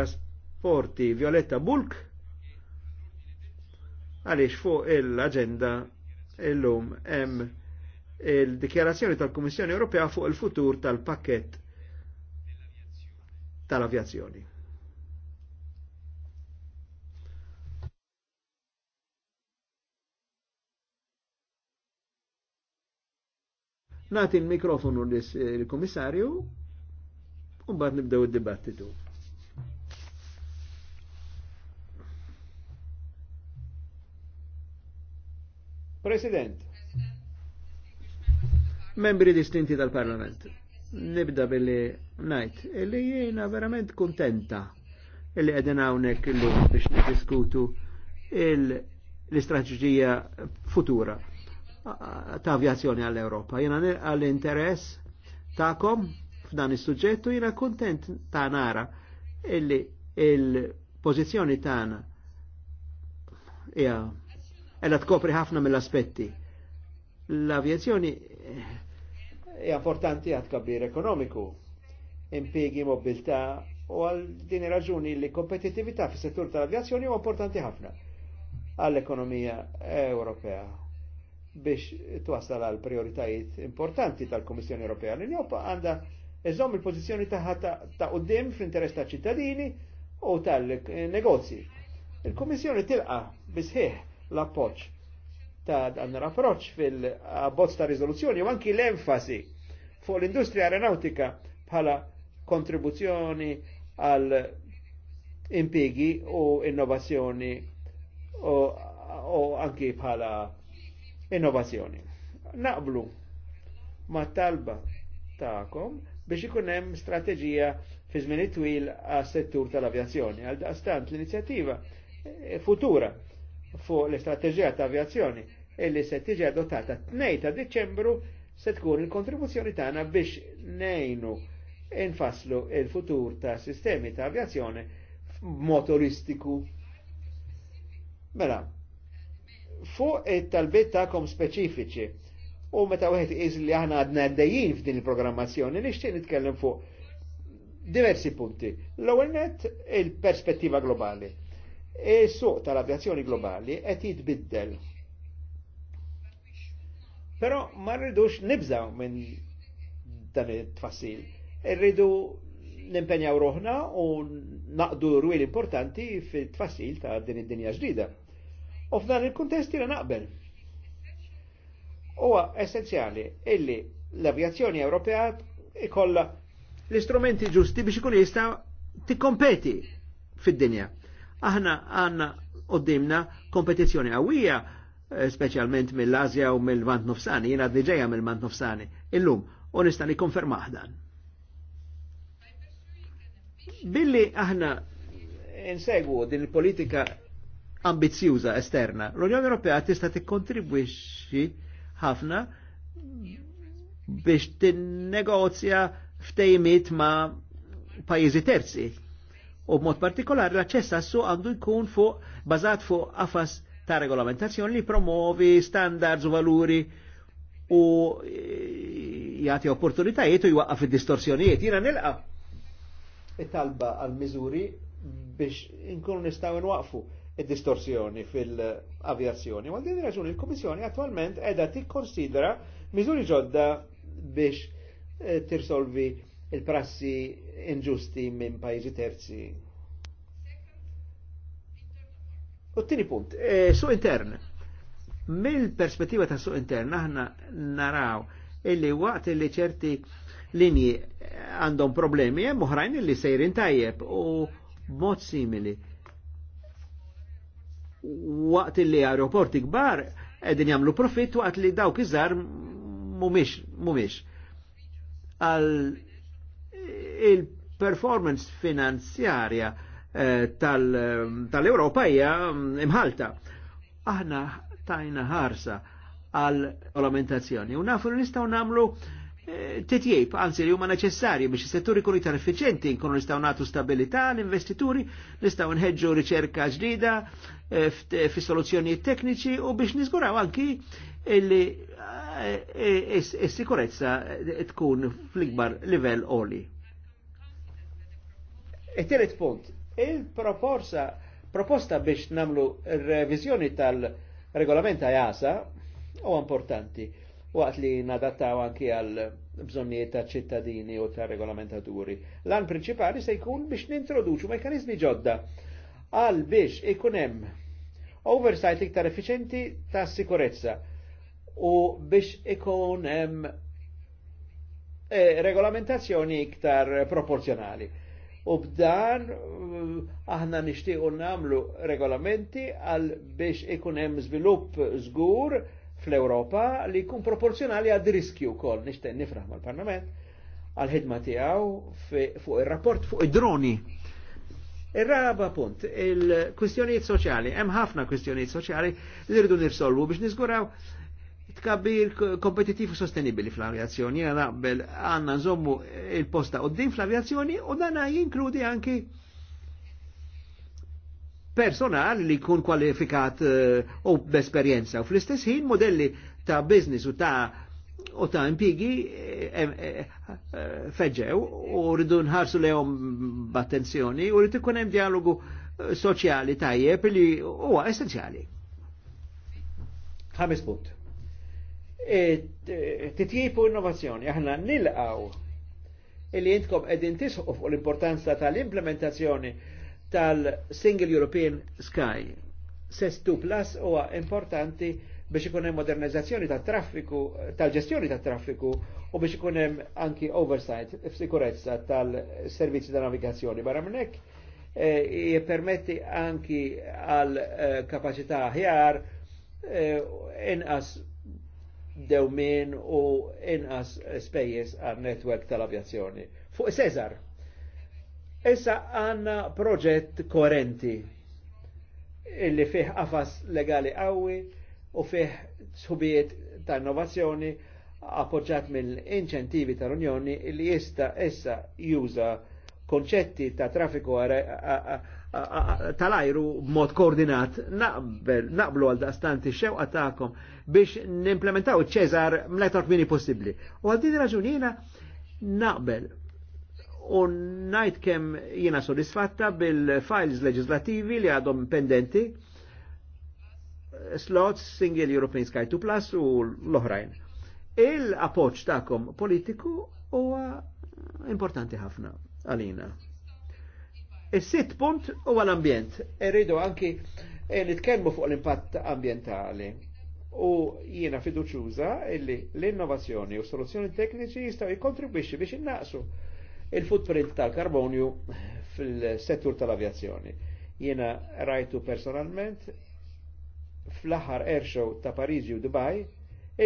trasporti Violetta Bulk għaliex fuq l-agenda illum hemm il-dikjarazzjoni tal-Kummissjoni Ewropea fuq il-futur tal-pakket tal-avjazzjoni. Nati il-mikrofonu l-Komissarju un bat nibdew id-dibattitu. President, membri distinti tal-Parlament, nibda billi najt, illi jiena verament kontenta illi għedin hawnhekk illi biex niddiskutu l istrategija futura ta' avjazzjoni għall-Europa. Jena għall l-interess ta'kom f'dan il suġġett u jena kontent ta' nara illi il pozizjoni tagħna hija ella tkopri ħafna mill-aspetti. L-avjazzjoni eh, hija importanti għad kabbir ekonomiku, impiegi mobilità u għal din raġuni li kompetitività fis settur tal-avjazzjoni huwa importanti ħafna għall-ekonomija Ewropea biex twasal għal prioritajiet importanti tal-Komissjoni Ewropea. L-Europa għanda eżom il-pozizjoni taħħa ta' qoddim fl-interess ta' ċittadini u tal-negozji. Il-Komissjoni tilqa bisħieħ l-appoġġ ta' dan l-approċ fil-abbozz ta' rizoluzzjoni u anki l-enfasi fuq l-industrija aeronautika bħala kontribuzzjoni għal impigi u innovazzjoni u, u anki bħala innovazzjoni. Naqblu ma talba ta'kom biex ikun hemm fi żmien twil għas settur tal-avjazzjoni. Għal daqstant l-inizjattiva futura fuq l-istrateġija ta' avjazzjoni illi se tiġi adottata t-nej ta' Deċembru se tkun il-kontribuzzjoni tagħna biex nejnu infaslu il-futur ta' sistemi ta' avjazzjoni motoristiku Mela, fuq it-talbiet tagħkom speċifiċi u meta wieħed iż li aħna għadna għaddejjin f'din il-programmazzjoni nixtieq nitkellem fuq diversi punti. L-ewwel net il-perspettiva globali il-suq e tal-avjazzjoni globali qed jitbiddel. Però ma rridux nibżaw minn dan it-tfassil. Irridu nimpenjaw roħna u naqdu rwil importanti fit-tfassil ta' din id-dinja ġdida. U f'dan il-kuntest jina naqbel. Huwa essenzjali illi l-avjazzjoni Ewropea ikolla l-istrumenti ġusti biex ikun jista' tikkompeti fid-dinja. Aħna għanna qoddimna kompetizzjoni għawija, eh, specialment mill-Azja u mill-Vant Nofsani, jena d-dġeja mill-Vant Nofsani, illum, u nista' nikkonfermaħ dan. Billi aħna insegwu din il-politika ambizjuża esterna, l-Unjoni Ewropea tista' tikkontribwixxi ħafna biex tinnegozja ftejmit ma' pajjiżi terzi u b'mod partikolari l-aċċess għassu għandu jkun fuq bażat fuq afas ta' regolamentazzjoni li promovi standards u valuri u e, jagħti opportunitajiet u jwaqqaf id-distorsjonijiet. Jina nilqa' it-talba għal miżuri biex inkunu nistgħu nwaqfu id-distorsjoni fil-avjazzjoni. Għal din raġuni il-Kummissjoni attualment tik tikkonsidra miżuri ġodda biex e, tirsolvi il-prassi inġusti minn pajjiżi terzi. U t-tini punt, e, eh, su intern. Mill-perspettiva ta' su intern, aħna naraw illi waqt li ċerti linji għandhom problemi, hemm oħrajn li sejrin tajjeb u mod simili. Waqt li aeroporti kbar edin jamlu profitt waqt li dawk iżar mumiex, mumiex. Għal il-performance finanzjarja eh, tal-Europa hija mm, imħalta. Aħna tajna ħarsa għal olamentazzjoni u nafu nistgħu nagħmlu eh, titjib, anzi li huma neċessarji biex is-settur ikun iktar effiċenti, nkunu nistgħu nagħtu stabilità l-investituri, nistgħu nħeġġu riċerka ġdida eh, fi soluzzjonijiet tekniċi u biex niżguraw anki li eh, is-sikurezza tkun fl-ikbar livell oli il e telet punt, il-proposta proposta biex namlu revizjoni tal-regolamenta jasa e u importanti għat li nadattaw anki għal bżonnijiet ta' ċittadini u ta' regolamentaturi. L-an principali se jkun biex nintroduċu mekanizmi ġodda għal biex ikunem oversight iktar efficienti ta' sikurezza u biex ikun hemm eh, regolamentazzjoni iktar proporzjonali. U b'dan eh, aħna nixtiequ namlu regolamenti għal biex ikun hemm żvilupp żgur fl-Ewropa li jkun proporzjonali għad riskju wkoll nixtieq nifraħ mal-Parlament għal ħidma tiegħu fuq ir-rapport fuq id-droni. Ir-raba punt, il-kwistjonijiet soċjali, hemm ħafna kwistjonijiet soċjali li rridu nirsolvu biex niżguraw tkabbir kompetitiv u sostenibili fl-avjazzjoni, jena naqbel għanna nżommu il-posta u din fl-avjazzjoni u dana jinkludi anki personal li kun kwalifikat eh, u b'esperienza b'esperjenza u fl-istess ħin modelli ta' business u ta' u ta' impigi eh, eh, feġew u rridu nħarsu lehom b'attenzjoni u rridu kunem dialogu soċjali tajjeb li huwa essenzjali. Ħames punt t'itjipu innovazzjoni. Aħna nilqaw illi jintkom edin tisħu u l-importanza tal-implementazzjoni tal-Single European Sky. SES 2 Plus huwa importanti biex ikun hemm modernizzazzjoni tat-traffiku, tal-ġestjoni tat-traffiku u biex ikun hemm anki oversight f'sikurezza tal-servizzi ta' navigazzjoni. Barra minn hekk eh, jippermetti anki għal eh, kapaċità ħjar eh, inqas dewmin u inqas spejjeż għal netwerk tal-avjazzjoni. Fuq Cesar, issa għanna proġett korenti illi fih qafas legali qawwi u fih subiet ta' innovazzjoni appoġġat mill-inċentivi tal-Unjoni illi jista issa juża konċetti ta' traffiku tal-ajru mod koordinat naqblu għal daqstanti xewqa ta'kom biex nimplementaw ċezar mletor mini possibli. U għal din raġunina naqbel u najt kem jena soddisfatta bil-files legislativi li għadhom pendenti slots Single European Sky 2 Plus u l-oħrajn. Il-appoċ ta'kom politiku huwa importanti ħafna għalina il sitt punt u l-ambjent. Irridu anki eh, nitkellmu fuq l-impatt ambientali. U jiena fiduċuża illi l-innovazzjoni u soluzzjoni tekniċi jistgħu jikkontribwixxi biex innaqsu il-footprint tal-karbonju fil-settur tal-avjazzjoni. Jiena rajtu personalment fl-aħħar airshow ta' Pariġi u Dubai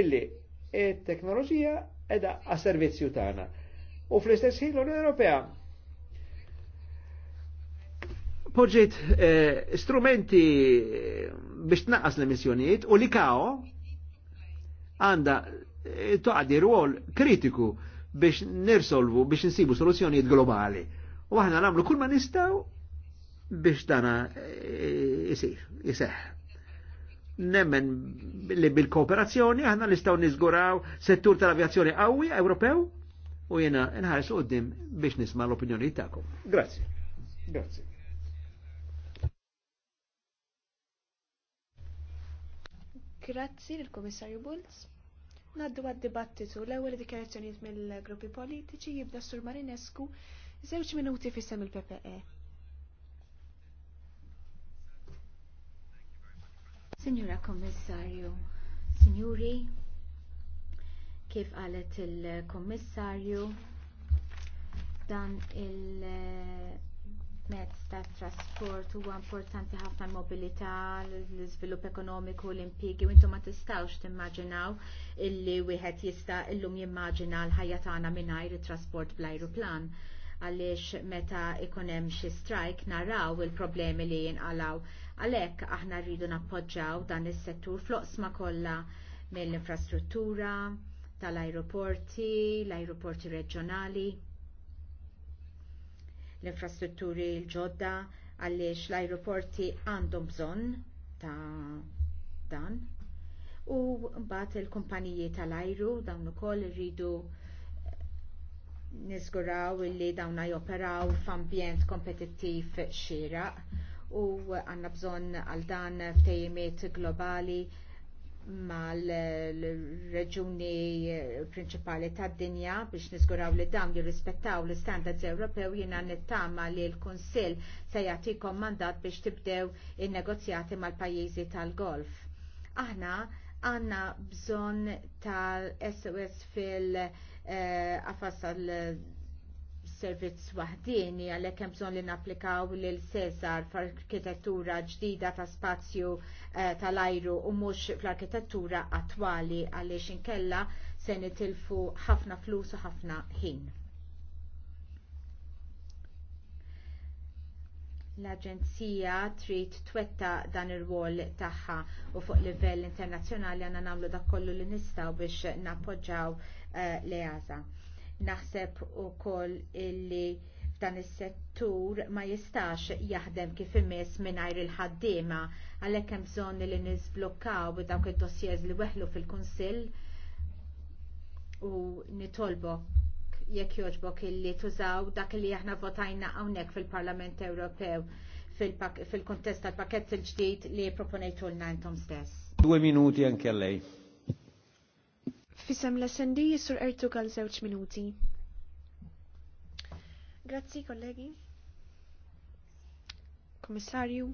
illi e teknoloġija edha a servizzju tagħna. U fl-istess ħin l-Unjoni Ewropea poġġiet eh, strumenti eh, biex tnaqqas l-emissjonijiet u li kao għanda eh, toqgħdi rwol kritiku biex nirsolvu, biex nsibu soluzzjonijiet globali. U aħna nagħmlu kull ma nistgħu biex dana jisir, eh, jiseħ. Nemmen li bil-kooperazzjoni aħna nistgħu niżguraw settur tal-avjazzjoni qawwi Ewropew u jena nħares qoddim biex nisma' l-opinjoni tagħkom. Grazzi. Grazie. Grazzi lill-Kummissarju Bulls. Naddu għad-dibattitu l-ewwel dikjarazzjonijiet mill-gruppi politiċi jibda sur Marinescu żewġ minuti fisem il-PPE. Signora Kommissarju, Signuri, kif qalet il-Kommissarju, dan il- mezz tat trasport huwa importanti ħafna mobilità l-iżvilupp ekonomiku, l impjiegi u intom ma tistgħux timmaġinaw illi wieħed jista' illum jimmaġina l-ħajja tagħna mingħajr it-trasport bl-ajruplan għaliex meta ikun hemm xi strajk naraw il-problemi li jinqalaw. Għalhekk aħna rridu nappoġġjaw dan is-settur floqsma kollha mill-infrastruttura, tal-ajruporti, l-ajruporti reġjonali l-infrastrutturi l-ġodda għaliex l ajruporti għandhom bżonn ta' dan. U mbagħad il-kumpaniji tal-ajru dawn ukoll irridu niżguraw illi dawn joperaw f'ambjent kompetittiv xieraq u għandna bżonn għal dan f'tejmiet globali mal-reġuni prinċipali tad dinja biex niżguraw li dawn jirrispettaw l istandards Ewropew jiena nittama li l-Kunsill se jagħtikom mandat biex tibdew in-negozjati mal-pajjiżi tal-Golf. Aħna għandna bżonn tal-SOS fil-qafas eh, tal servizz waħdini għalhekk hemm bżonn li napplikaw lil Cesar f'arkitettura ġdida ta' spazju eh, tal-ajru u mhux fl-arkitettura attwali għaliex inkella se nitilfu ħafna flus u ħafna ħin. l-Aġenzija trid twetta dan ir wol tagħha u fuq livell internazzjonali għandna nagħmlu dak kollu li nistgħu biex nappoġġaw eh, l-EASA. Naħseb ukoll illi f'dan is-settur ma jistax jaħdem kif imiss mingħajr il-ħaddiema għalhekk hemm bżonn li niżblukkaw dawk id-dossiers li weħlu fil-Kunsill u nitolbok jekk jogħġbok illi tużaw dak li aħna votajna hawnhekk fil-Parlament Ewropew fil-kontest tal-pakett il-ġdid li l intom stess. Due minuti anke lei. Fisem l-SND jissur ertu għal żewġ minuti. Grazzi, kollegi. Komissarju.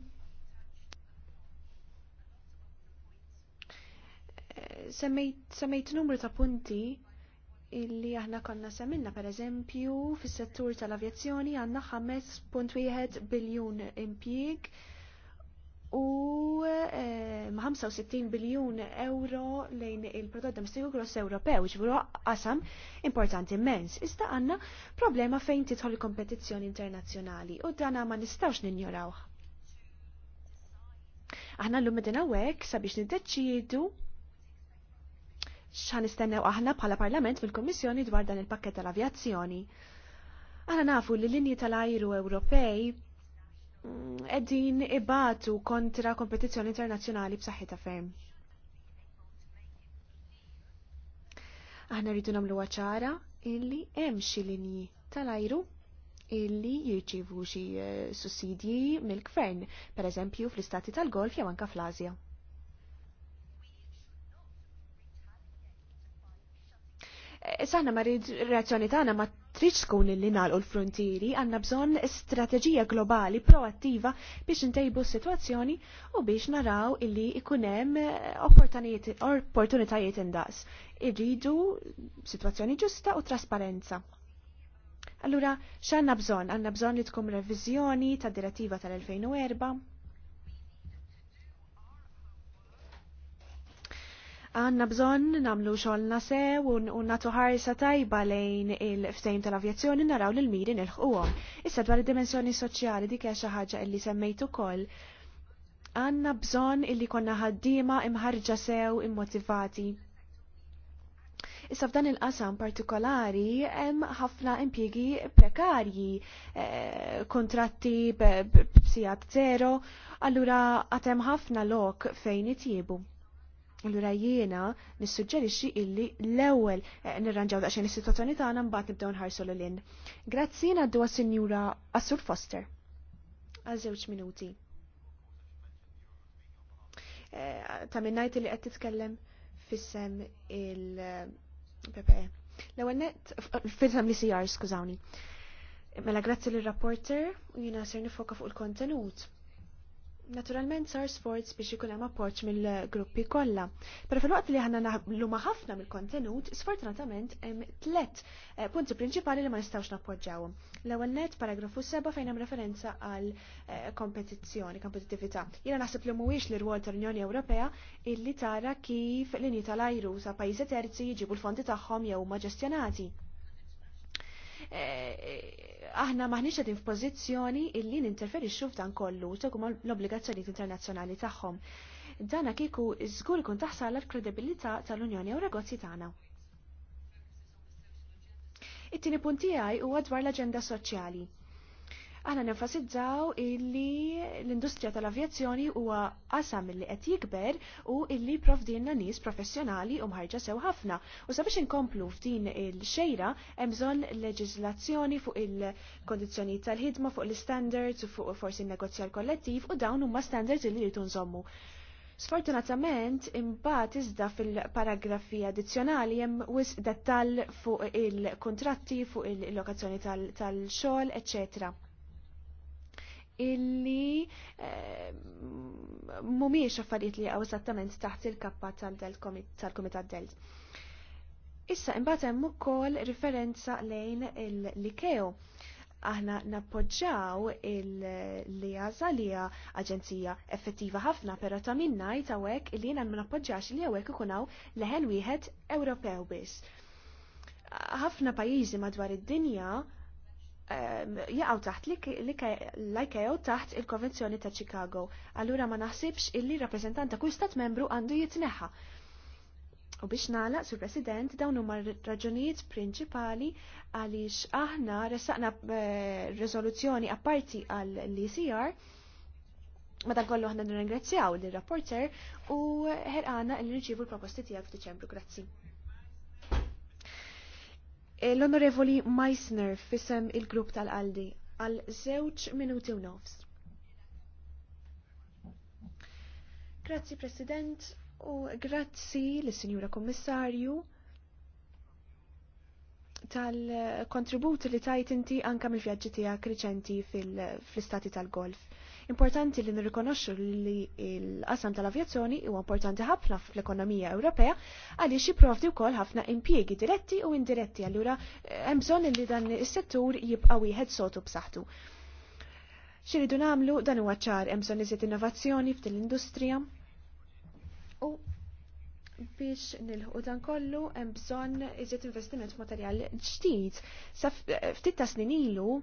Semmejt numru ta' punti illi aħna konna semminna per eżempju fis-settur tal-avjazzjoni għandna 5.1 biljun impjieg u eh, ma' 65 biljun euro lejn il-prodott domestiku gross Ewropew, ġvuru qasam importanti immens. Iżda għanna problema fejn titħol kompetizzjoni internazzjonali u dana ma nistawx ninjorawh. Aħna l-lum edin għawek sabiex niddeċidu xan istennew aħna bħala parlament fil komissjoni dwar dan il-pakket tal-avjazzjoni. Aħna nafu li l-linji tal-ajru Ewropej edin ibatu kontra kompetizzjoni internazzjonali ta' ferm. Aħna rridu nagħmlu ċara illi hemm xi linji tal-ajru illi jirċivu xi eh, sussidji mill-gvern, pereżempju fl-istati tal-Golf jew anke fl-Asja. Eh, saħna ma reazzjoni tagħna ma trid tkun illi nagħlqu l-frontieri għandna bżonn strateġija globali proattiva biex intejbu s-sitwazzjoni u biex naraw illi ikun hemm eh, opportunitajiet indaqs. Irridu sitwazzjoni ġusta u trasparenza. Allura, x'għandna bżonn? Għandna bżonn li tkun reviżjoni tad-direttiva tal-2004 Għanna bżon namlu xolna sew u natu ħarsa tajba lejn il ftejn tal-avjazzjoni naraw l-miri nilħquhom. Issa dwar id-dimensjoni soċjali dik hija xi ħaġa illi semmejt ukoll. Għanna bżon illi konna ħaddiema imħarġa sew immotivati. Issa f'dan il-qasam partikolari hemm ħafna impjiegi prekarji, eh, kontratti b'sijat zero, allura għatem ħafna lok fejn itjiebu. Allura jiena nissuġġerixxi illi l-ewwel eh, nirranġaw daqsxejn is-sitwazzjoni tagħna mbagħad nibdew nħarsu lil in. Grazzi ngħaddu għas-Sinjura Assur Foster. Għal żewġ minuti. Eh, ta' minnajt li qed titkellem fissem il-PPE. L-ewwel net fissem li CR, skużawni. Mela grazzi lill rapporter u jiena ser nifoka fuq il-kontenut Naturalment sar sforz biex ikun hemm appoġġ mill-gruppi kollha. Però fil-waqt li aħna naħlu ma' ħafna mill-kontenut, sfortunatament hemm tliet eh, punti prinċipali li ma nistgħux nappoġġawhom. L-ewwel net paragrafu 7 fejn hemm referenza għal eh, kompetizzjoni, kompetittività. Jiena naħseb li mhuwiex l rwol tal-Unjoni Ewropea illi tara kif l-inji tal-ajru sa' pajjiżi terzi jiġibu l-fondi tagħhom jew ma ġestjonati. Eh, eh, aħna maħniċ għedin pozizjoni illi ninterferixxu f'dan kollu segum l-obbligazzjonijiet internazzjonali tagħhom. Dana kieku żgur ikun taħsal l-kredibilità tal-Unjoni u regozzi tagħna. It-tieni punti tiegħi huwa dwar l-aġenda soċjali. Għana nenfasizzaw illi l-industrija tal-avjazzjoni huwa qasam illi qed jikber u illi provdinna nies professjonali u mħarġa sew ħafna. U sabiex inkomplu f'din il-xejra hemm bżonn leġiżlazzjoni fuq il-kondizzjonijiet tal-ħidma, fuq l-standards u fuq forsi n-negozjar kollettiv u dawn huma standards illi rridu nżommu. Sfortunatament, imbagħad iżda fil-paragrafi addizzjonali hemm wisq dettall fuq il-kontratti, fuq il-lokazzjoni tal-xogħol, eċċetera illi eh, mumiex affarijiet li għaw esattament taħt il-kappa tal-Komitat Delt. Issa imbagħad hemm ukoll riferenza lejn il likeo Aħna nappoġġaw il-liaza li hija aġenzija effettiva ħafna però ta' minnajt hawnhekk li jiena ma nappoġġax li hawnhekk ikun hawn leħen wieħed Ewropew biss. Ħafna pajjiżi madwar id-dinja Ehm, jaqaw taħt l-IKO taħt il-Konvenzjoni ta' Chicago. Allura ma naħsibx illi rappresentanta kull stat membru għandu jitneħħa. U biex nalaq, sur President, dawn huma raġunijiet prinċipali għaliex aħna ressaqna ehm, rezoluzzjoni apparti għall-ECR Madankollu ħna nirringrazzjaw l-rapporter u ħerqana l-nirċivu l-proposti tijak f'Diċembru. Grazzi. L-Onorevoli Meissner fisem il-grupp tal-Aldi għal żewġ minuti u nofs. Grazzi President u grazzi l-Sinjura Kommissarju tal-kontributi li tajt inti anka mill-vjaġġi tiegħek riċenti fl-istati tal-golf. Importanti li nirrikonoxxu li l-qasam tal-avjazzjoni huwa importanti ħafna fl-ekonomija Ewropea għaliex jipprovdi wkoll ħafna impjiegi diretti u indiretti allura eh, hemm bżonn li dan is-settur jibqa' wieħed sotu b'saħħtu. Xiridu nagħmlu dan huwa ċar hemm bżonn iżjed innovazzjoni f'din l-industrija. U biex nilħu dan kollu hemm bżonn iżjed investiment f'materjal ġdid. Sa eh, ftit ta' snin ilu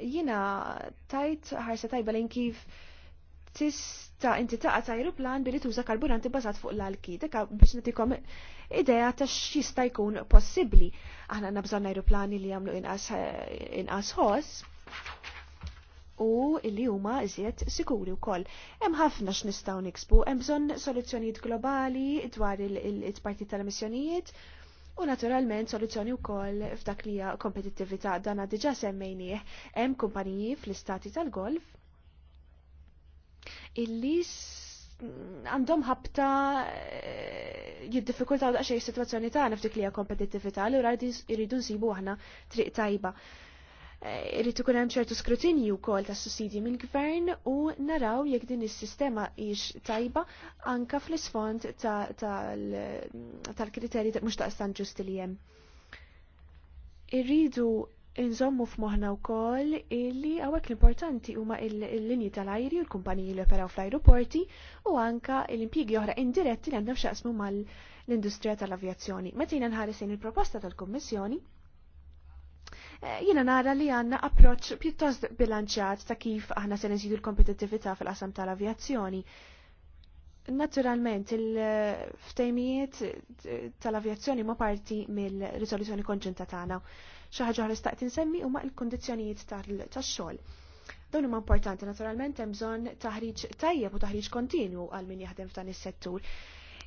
Jina tajt ħarsa tajba lejn kif tista inti taqa tajruplan billi tuża karburanti bazat fuq l-alki, Dekka biex natikom idea ta' xista jkun possibbli. Aħna għandna bżonn li jagħmlu inqas ħoss u illi huma iżjed sikuri wkoll. Hemm ħafna x'nistgħu niksbu, hemm bżonn soluzzjonijiet globali dwar il-parti tal il parti tal emissjonijiet U naturalment soluzzjoni wkoll f'dak li hija kompetittività dana diġà semmejnieh hemm kumpaniji fl-istati tal-golf illi għandhom ħabta eh, jiddiffikultaw daqsxejn is-sitwazzjoni tagħna f'dik li hija kompetittività li jridu nsibu aħna triq tajba irrid ikun hemm ċertu skrutinju wkoll tas sussidji mill-gvern u naraw jekk din is-sistema hix tajba anka fl-isfond tal-kriterji mhux taqstan ġusti li hemm. Irridu Inżommu f'moħħna wkoll illi hawnhekk l-importanti huma l-linji tal-ajri u l-kumpaniji li operaw fl-ajruporti u anka l impjiegi oħra indiretti li għandhom x'jaqsmu mal-industrija tal-avjazzjoni. Meta jiena nħares il proposta tal-Kummissjoni, Jiena nara li għanna approċ pjuttost bilanċjat ta' kif aħna se nżidu l-kompetittività fil-qasam tal-avjazzjoni. Naturalment, il-ftejmijiet tal-avjazzjoni ma parti mill-risoluzzjoni konġunta tagħna. Xi ħaġa oħra staqt insemmi huma l-kundizzjonijiet tax-xogħol. Dawn huma importanti naturalment hemm bżonn taħriġ tajjeb u taħriġ kontinju għal min jaħdem f'dan is-settur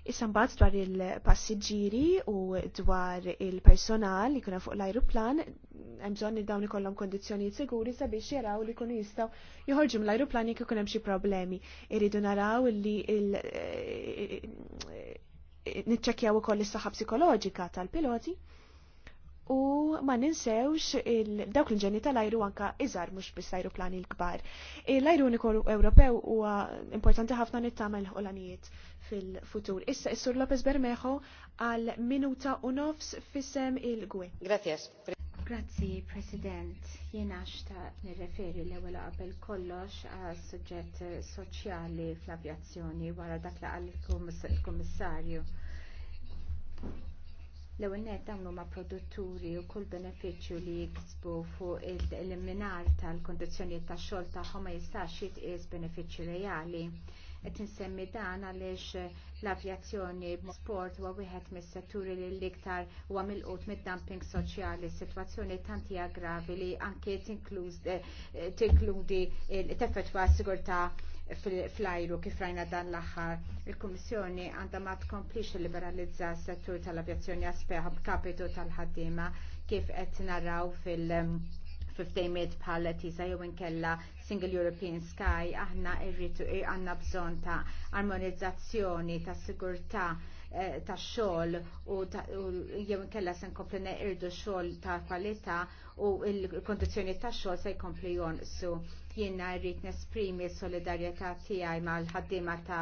Issa mbagħad dwar il-passiġġieri u dwar il-personal li kuna fuq l-ajruplan hemm bżonn li dawn ikollhom kondizzjonijiet siguri sabiex jaraw li jkunu jistgħu joħorġu mill-ajruplan jekk ikun hemm xi problemi. Iridu naraw li il eh, eh, eh, niċċekkjaw ukoll is-saħħa psikoloġika tal-piloti U ma ninsewx dawk il-ġeni tal-ajru anka iżar mux bis l l-kbar. L-ajru uniku Ewropew huwa importanti ħafna nittamel ħolanijiet fil-futur. Issa Issur Lopez Bermejo għal minuta u nofs fissem il-gwe. Grazzjas. Grazzi, President. Jena xta nirreferi l ewwel qabel kollox għal suġġett soċjali fl-avjazzjoni wara dak li għal kommissarju kummissarju L-ewwel net dawn huma produtturi u kull benefiċċju li jiksbu fuq il eliminar tal kundizzjonijiet tax-xogħol tagħhom ma jistax jitqies benefiċċju reali. Qed insemmi dan għaliex l-avjazzjoni sport huwa wieħed mis-setturi li l-iktar huwa milqut mid-dumping soċjali. Sitwazzjoni tant hija gravi li anke eh, tinkludi t s-sigurtà fl-ajru kif rajna dan l-aħħar. Il-Kummissjoni għandha ma tkomplix liberalizza s-settur tal-avjazzjoni għaspeħ b'kapitu tal-ħaddiema kif qed naraw fil- 15 um, bħal tisa jew inkella Single European Sky aħna irritu għandna bżonn ta' armonizzazzjoni ta' sigurtà eh, ta' xogħol u jew inkella se nkompli irdu xogħol ta' kwalità u l-kondizzjoni ta' xogħol se jkompli jonqsu jenna rrit nesprimi s-solidarjetà tiegħi mal ħaddima ta'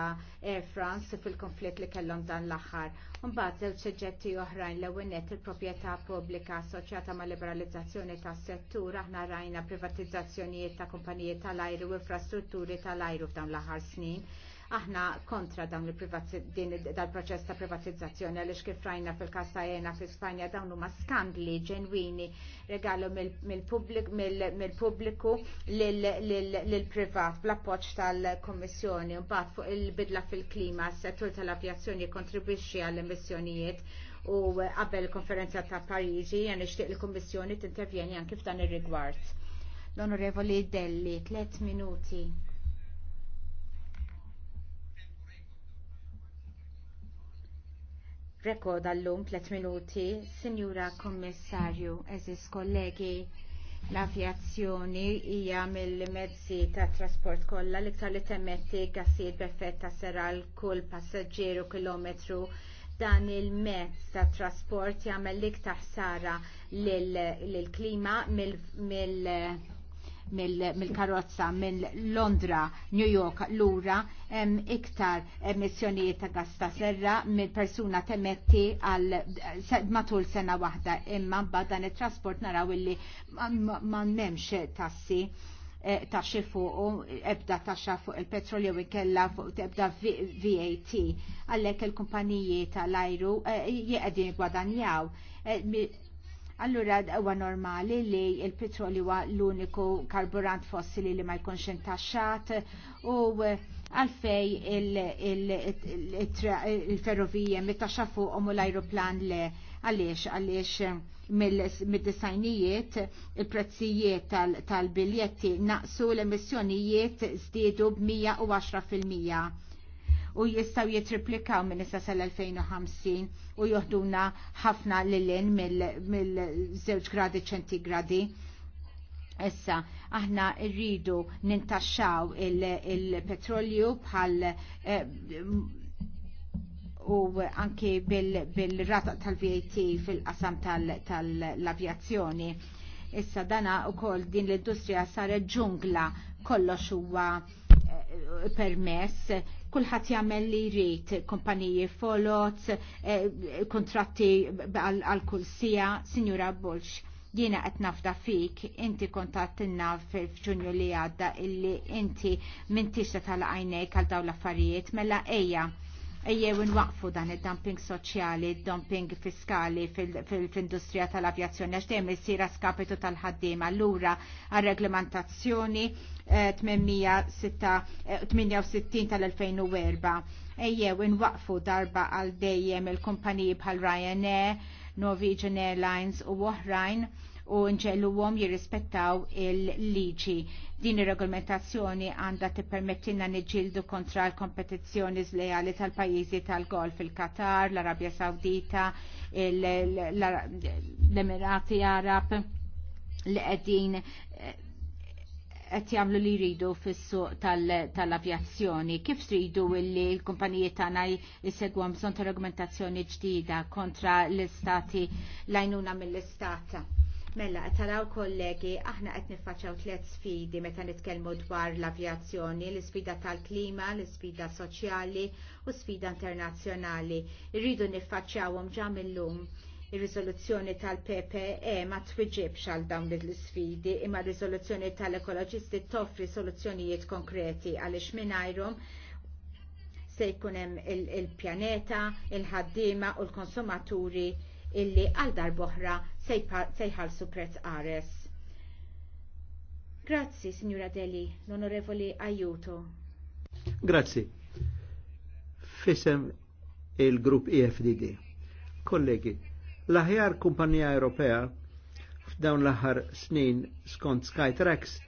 Air France fil-konflitt li kellhom dan l-aħħar. Mbagħad żewġ suġġetti oħrajn l net il-proprjetà pubblika assoċjata mal liberalizzazzjoni tas-settur aħna rajna privatizzazzjonijiet ta' kumpaniji tal-ajru u infrastrutturi tal-ajru f'dan l-aħħar snin Aħna kontra dawn din dal-proċess ta' privatizzazzjoni għaliex kif rajna fil-kas ta' jena fil Spanja dawn huma skandli ġenwini regalu mill-pubbliku lill-privat bl-appoġġ tal-Kommissjoni mbagħad fuq il-bidla fil-klima s-settur tal-avjazzjoni kontribwixxi għall-emissjonijiet u qabel konferenza ta' Pariġi jan ixtieq il-Kummissjoni tintervjeni anke f'dan ir-rigward. L-Onorevoli Delli, tliet minuti. Rekord l-lum 3 minuti, Sinjura Kommissarju, eżis kollegi, l-avjazzjoni hija mill-mezzi ta' trasport kollha l-iktar li temmetti gassijiet b'effett ta' seral kull passaġġieru kilometru dan il-mezz ta' trasport jagħmel l-iktar ħsara lill-klima mill mill-karozza minn Londra, New York, lura hemm iktar emissjonijiet ta' gas ta' serra mill persuna temetti għal matul sena waħda imma b'adan il it-trasport naraw illi ma nemx tassi e, taxxi fuq ebda taxxa fuq il-petrolju u kella fuq ebda VAT għalhekk il-kumpaniji tal-ajru e, jieqegħdin gwadanjaw e, Allura huwa normali li l-petrolju huwa l-uniku karburant fossili li ma jkunx intaxxat u eh, għalfej il-ferrovija mit-taxxa fuqhom u l-ajruplan le għaliex għaliex eh, mid-disajnijiet il-prezzijiet tal-biljetti naqsu l-emissjonijiet żdiedu u 110 fil-mija u jistaw jitriplikaw minn issa sal-2050 u joħduna ħafna lilin mill-żewġ gradi ċentigradi. Issa, aħna rridu nintaxxaw il-petrolju bħal eh, u anki bil-rata tal-VAT fil-qasam tal-avjazzjoni. Issa dana u koll din l-industrija sar ġungla kollox huwa eh, permess kulħadd jagħmel li jrid, kumpaniji folot, eh, kontratti għal kull sija, Sinjura Bulx. Jiena qed nafda fik, inti kontattinna f'Ġunju li għadda illi inti mintix se tala għajnejk għal dawn l-affarijiet mela ejja ejjew nwaqfu dan id-dumping soċjali, id-dumping fiskali fil-industrija tal-avjazzjoni għax dejjem isira skapitu tal-ħaddiem. Allura għar-reglamentazzjoni 868 tal-2004 ejjew nwaqfu darba għal dejjem il-kumpaniji bħal Ryanair, Norwegian Airlines u oħrajn u għom jirrispettaw il-liġi. Din ir-regolamentazzjoni għandha tippermettilna nġildu kontra l-kompetizzjoni żlejali tal-pajjiżi tal-golf il-Qatar, l-Arabja Sawdita, l-Emirati Arab li qegħdin eh, qed jagħmlu li jridu fis-suq tal-avjazzjoni. Kif tridu illi l-kumpaniji tagħna jsegwu bżonn ta' argumentazzjoni ġdida kontra l-istati lajnuna mill-istata? Mella, taraw kollegi, aħna qed niffaċċjaw tliet sfidi meta nitkellmu dwar l-avjazzjoni, l-isfida tal-klima, l-isfida soċjali u sfida internazzjonali. Irridu niffaċċawhom ġa lum Ir-riżoluzzjoni tal-PPE ma twiġibx għal dawn l-isfidi, imma r-riżoluzzjoni tal-ekoloġisti toffri soluzzjonijiet konkreti għaliex mingħajrhom se jkun hemm il-pjaneta, il-ħaddiema u l-konsumaturi il illi għal darboħra sejħalsu prezz qares. Grazzi, signora Deli, l-onorevoli Ajuto. Grazzi. Fisem il-grupp IFDD. E Kollegi, l-aħjar kumpanija Ewropea f'dawn l-aħħar snin skont Skytrax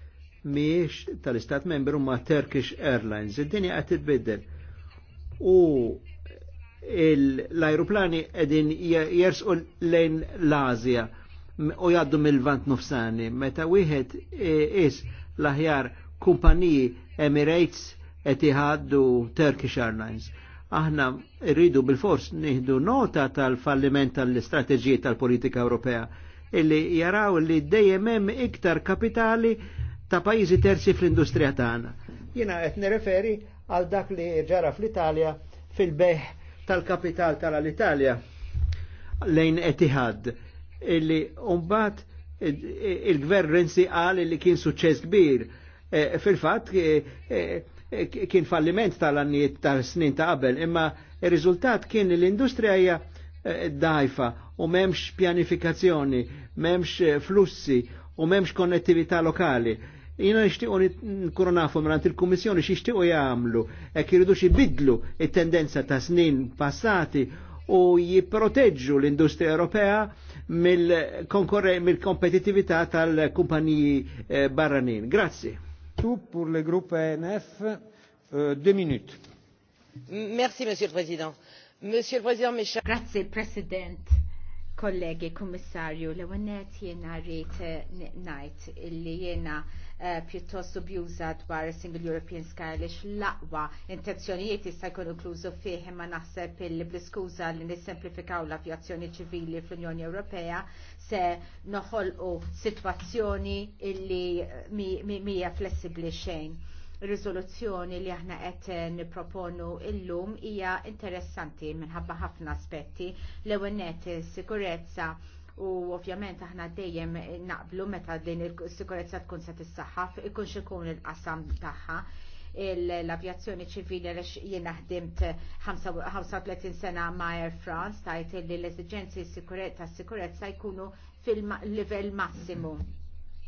miex tal-istat membru ma' Turkish Airlines. Id-dinja qed titbiddel. U l-aeroplani edin jersqu lejn l-Azja u jaddu mill-vant nufsani. Meta wieħed is l-aħjar kumpaniji Emirates, Etihad u Turkish Airlines. Aħna rridu bil-fors nieħdu nota tal-falliment tal-istrateġiji tal-politika Ewropea illi jaraw li dejjem hemm iktar kapitali ta' pajjiżi terzi fl-industrija tagħna. Jiena qed nirreferi għal dak li ġara fl-Italja fil-beħ tal-kapital tal-Italja lejn Etihad illi umbat il-gvern rinsi għal illi kien suċċess kbir. E, Fil-fat e, e, kien falliment tal-annijiet tal-snin ta' qabel, imma il-riżultat kien li l-industrija hija dajfa u memx pjanifikazzjoni, memx flussi u memx konnettività lokali Jina nishtiqo nkunu nafu mrant il-Kummissjoni xixtiqo jagħmlu hekk iridu bidlu il tendenza ta' snin passati u jiproteġu l-industrija Ewropea mill-kompetitività mil tal-kumpaniji eh, barranin. Grazie. Tu pur le gruppe e NF, uh, eh, deux minutes. Merci, Monsieur le Président. Monsieur le Président, mes chers... Grazie, President kollegi, kommissarju, l-għonet jena rrit najt -li jena Eh, pjuttost subjuża dwar Single European Sky li l-aqwa intenzjonijiet jista' jkunu inklużu fih imma naħseb illi bl-iskuża li nissemplifikaw l-avjazzjoni ċivili fl-Unjoni Ewropea se noħolqu sitwazzjoni illi mija flessibbli xejn. Riżoluzzjoni li aħna qed nipproponu illum hija interessanti minħabba ħafna aspetti l-ewwel net sikurezza u ovvjament aħna dejjem naqblu meta din il-sikurezza tkun se tissaħħaf ikunx ikun il-qasam tagħha l-avjazzjoni ċivili għax jiena ħdimt 35 sena ma' Air France tajt li l-esigenzi ta' sikurezza jkunu fil-livell massimu.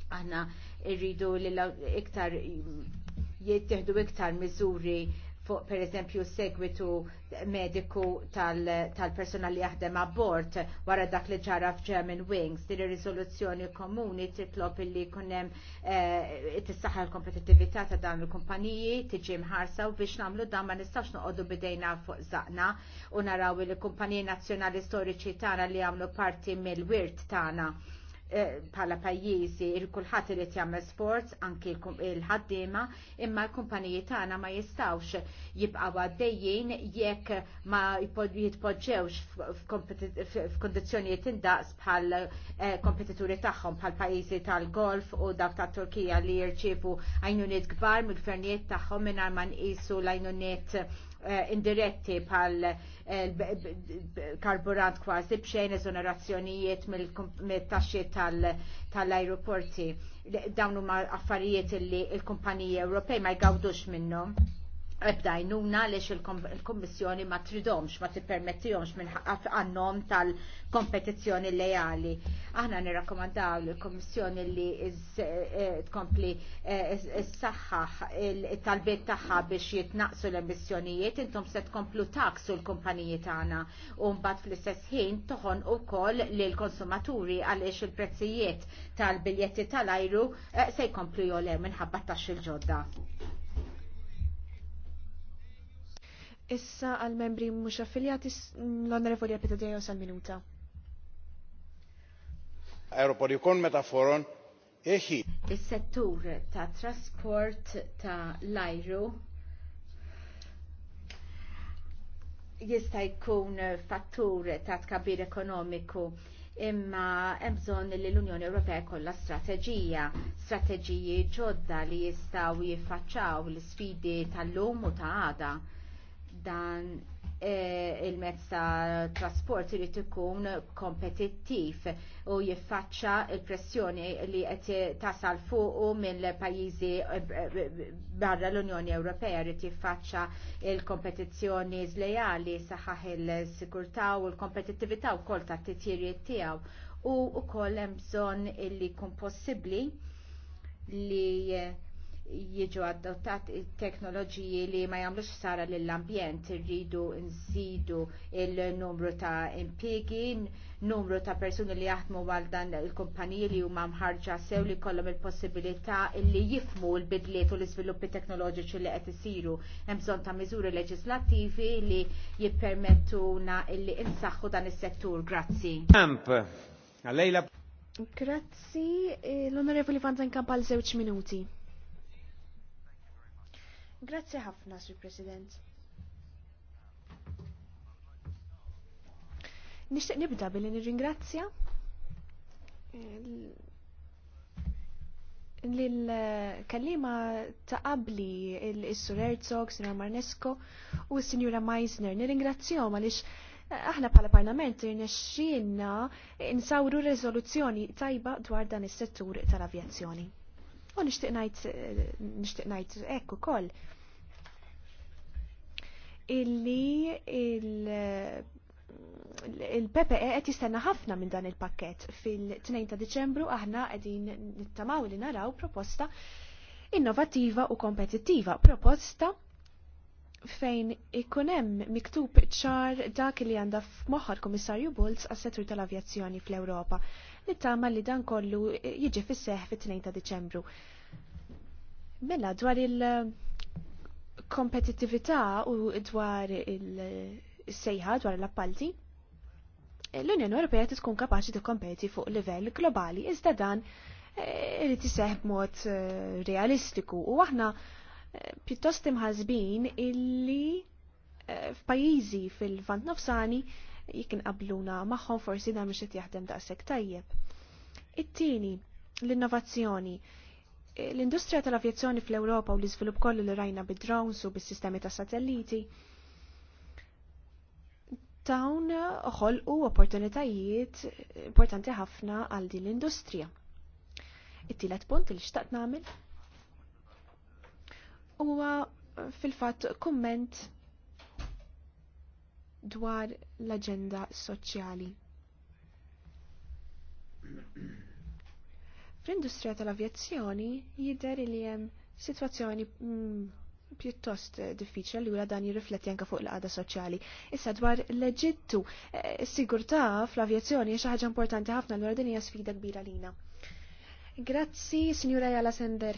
Aħna irridu li iktar jittieħdu iktar miżuri fuq per eżempju segwitu mediku tal-persona li jaħdem abort wara dak li ġara f'German Wings. Din ir-riżoluzzjoni komuni titlob illi kunem eh, tissaħħa l kompetitività ta' dan il-kumpaniji tiġi mħarsa u biex nagħmlu dan ma nistax noqogħdu bidejna fuq zaqna u naraw il-kumpaniji nazzjonali storiċi tagħna li għamlu parti mill-wirt tagħna Eh, bħala pajjiżi kulħadd irid jagħmel sports anki l-ħaddiema imma l-kumpaniji tagħna ma jistgħux jibqgħu għaddejjin jekk ma jitpoġġewx f'kondizzjonijiet indaqs bħal eh, kompetituri tagħhom bħal pajjiżi tal-golf u dawk tat-Turkija li jirċievu għajnuniet kbar mill-gvernijiet tagħhom mingħajr ma nqisu l-għajnuniet Eh, indiretti bħal eh, karburant kważi bxejn eżonerazzjonijiet mill-taxxi tal-aeroporti. Dawn huma affarijiet li l-kumpaniji Ewropej ma jgawdux minnhom ebda lex il-Kommissjoni ma tridomx, ma tippermettihomx minn għannom tal-kompetizzjoni lejali. Aħna nirrakkomandaw l-Kommissjoni li e, tkompli e, s saxħax tal-bit tagħha biex jitnaqsu l-emissjonijiet, intom se tkomplu taksu l-kumpaniji tagħna u mbagħad fl-istess ħin toħon li l konsumaturi għaliex il-prezzijiet tal-biljetti tal-ajru e, se jkomplu jolem minħabba taċ il-ġodda. Issa għal-membri mux affiljati l-onorevoli għapitadija sal-minuta. kon metaforon eħi. Is-settur ta' trasport ta' l-ajru jista' jkun fattur ta' tkabbir ekonomiku imma hemm bżonn li l-Unjoni Ewropea kollha strateġija, strateġiji ġodda li jistgħu jiffaċċaw l sfidi tal-lum u ta' għada dan eh, il-mezz ta' trasport irid ikun kompetittiv u jiffaċċa l-pressjoni li qed tasal fuqu mill-pajjiżi eh, barra l-Unjoni Ewropea irid jiffaċċa l-kompetizzjoni żlejali saħaħ il-sikurtà u l-kompetittività wkoll tat-titjiriet tiegħu u wkoll hemm bżonn li jkun possibbli li jiġu adottat teknoloġiji li ma jagħmlux sara lill-ambjent, irridu nżidu il-numru ta' impjiegi, numru ta' persuni li jaħdmu għal dan il-kumpaniji li huma mħarġa sew li kollhom il-possibilità li jifmu l-bidliet u l-iżviluppi teknoloġiċi li qed isiru. Hemm bżonn ta' miżuri leġislattivi li jippermettuna li insaħħu dan is-settur. Grazzi. Grazzi, eh, l-Onorevoli Vanzan Kampal żewġ minuti. Grazzi ħafna, Sur President. Nixtieq nibda billi nirringrazzja Lil-kallima ta' qabli il-Sur Herzog, Sinjora Marnesco u Sinjura Meisner, nirringrazzjom għaliex eh, aħna bħala parlament irnexxinna insawru rezoluzzjoni tajba dwar dan is-settur tal-avjazzjoni. U nixtieq ngħid ekku ngħid hekk ukoll illi il-PPE qed jistenna ħafna minn dan il-pakkett. Fil-2 ta' Diċembru aħna qegħdin nittamaw li naraw proposta innovattiva u kompetittiva, proposta fejn ikun hemm miktub ċar dak li għandha f'moħħar Kummissarju Bulz għas-settur tal-avjazzjoni fl-Ewropa nittama li dan kollu jiġi fis seħ fit-2 ta' Diċembru. Mela dwar il-kompetittività u dwar il-sejħa dwar l-appalti, l-Unjoni Ewropea tkun kapaċi tikkompeti fuq livell globali iżda dan eh, irid iseħħ b'mod eh, realistiku u aħna eh, pjuttost imħazbin illi f'pajjiżi fil-vant nofsani jikin inqabluna magħhom forsi dan mhux qed jaħdem daqshekk tajjeb. It-tieni, l-innovazzjoni. Eh, l-industrija tal-avjazzjoni fl-Ewropa u l-iżvilupp kollu li rajna bid-drones u bis-sistemi ta' satelliti dawn u opportunitajiet importanti ħafna għal din l-industrija. It-tielet punt li xtaqt nagħmel huwa fil-fatt kumment dwar l-aġenda soċjali. Fl-industrija tal-avjazzjoni jidher li hemm sitwazzjoni mm, pjuttost diffiċli li wara dan jirrifletti anke fuq l-qada soċjali. Issa dwar l-Eġittu, s-sigurtà eh, fl-avjazzjoni hija xi ħaġa importanti ħafna l din hija sfida kbira lina. Grazzi, Signora Jala Sender.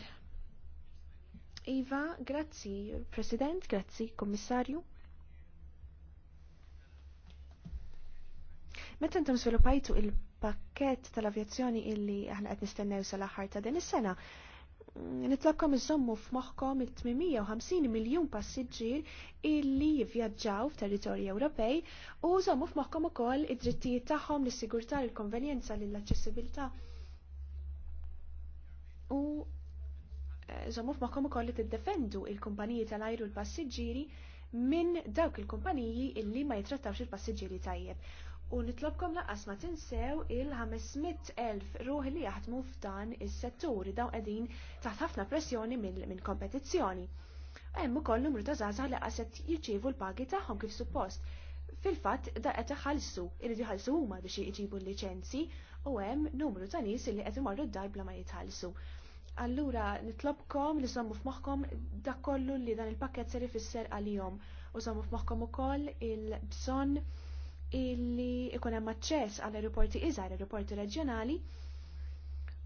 Iva, grazzi, President, grazzi, Kommissarju. Meta intom sviluppajtu il-pakket tal-avjazzjoni illi aħna qed nistennew sal-aħħar ta' din is-sena, mm, nitlabkom iżommu f'moħħkom il-850 miljun passiġġier illi jivvjaġġaw f'territorji Ewropej u żommu f'moħħkom ukoll id-drittijiet tagħhom lis-sigurtà, il-konvenjenza lill-aċċessibilità. U eh, żommu f'moħħkom ukoll li tiddefendu il-kumpaniji tal-ajru l-passiġġieri minn dawk il-kumpaniji illi ma jitrattawx il-passiġġieri tajjeb. U nitlobkom laqas ma tinsew il-500.000 ruħ li jaħdmu f'dan is-settur dawn qegħdin taħt ħafna pressjoni minn kompetizzjoni. Hemm ukoll numru ta' żgħażagħ li qased jirċievu l-pagi tagħhom kif suppost. Fil-fatt da qed iħallsu, irid jħallsu huma biex jiġibu l-liċenzi u hemm numru ta' nies li qed imorru d-dar bla ma jitħallsu. Allura nitlobkom li sommu f'moħħkom dak kollu li dan il pakkett ser ifisser għalihom u sommu f'moħħkom ukoll il-bżonn illi ikun hemm aċċess għal aeroporti iżgħar, aeroporti reġjonali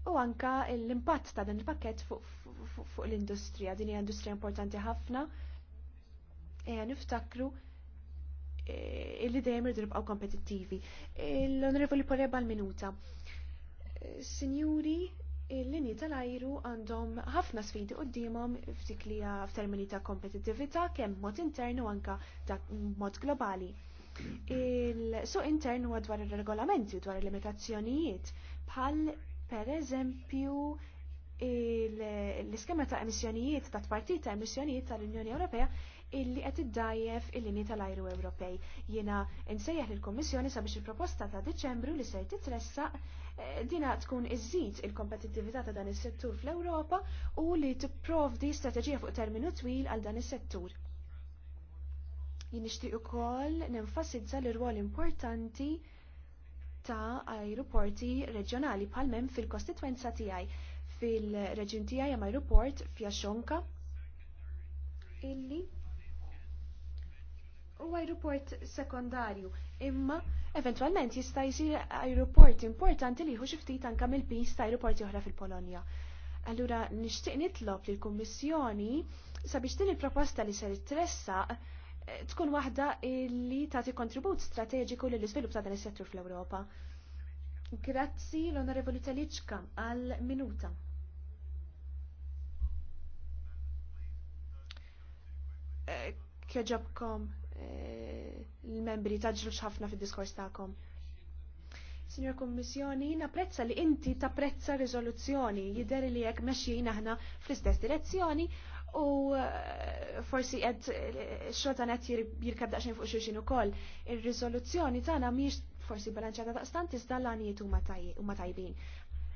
u anka l-impatt ta' dan il-pakket fuq l-industrija. Din hija industrija importanti ħafna. E, niftakru e, illi dejjem irdu nibqgħu kompetittivi. L-Onorevoli Poreba l-minuta. E, Sinjuri, l linji tal-ajru għandhom ħafna sfidi qudiemhom f'dik li f'termini ta' kompetittività kemm mod internu anka ta' mod globali Il-suq -so intern huwa dwar ir-regolamenti dwar il-limitazzjonijiet bħal per eżempju l-iskema ta' emissjonijiet ta' tpartit ta' emissjonijiet tal-Unjoni Ewropea illi qed iddajjef il linji tal-ajru Ewropej. Jiena insejjaħ lill-Kummissjoni sabiex il-proposta ta' Diċembru li se titressaq eh, dina tkun iżżid il-kompetittività ta' dan is-settur fl-Ewropa u li tipprovdi strateġija fuq terminu twil għal dan is-settur. Jinixtieq ukoll nenfasizza l rwol importanti ta' ajruporti reġjonali bħal mem fil-kostitwenza tiegħi fil-reġjun tiegħi hemm ajruport f'Jaxxonka illi U ajruport sekondarju imma eventwalment jista' jsir ajruport importanti li jieħu xi ftit anke mill-pis ta' ajruport oħra fil-Polonja. Allura nixtieq nitlob lill-Kummissjoni sabiex din il-proposta li ser tressaq tkun waħda li tagħti kontribut strateġiku lill iżvilupp ta' dan is-settur fl-Ewropa. Grazzi l-Onorevoli Teliċka għal minuta. Eh, kjoġobkom eh, l-membri taġġlu ħafna fid-diskors tagħkom. Signor Kommissjoni, napprezza li inti tapprezza riżoluzzjoni, jidher li jekk mexjin aħna fl-istess direzzjoni, u eh, forsi qed eh, xorta net jirkab daqsxejn fuq xulxin ukoll. ir rizoluzzjoni tagħna mhijiex forsi bilanċata daqstant iżda l-għanijiet huma tajbin.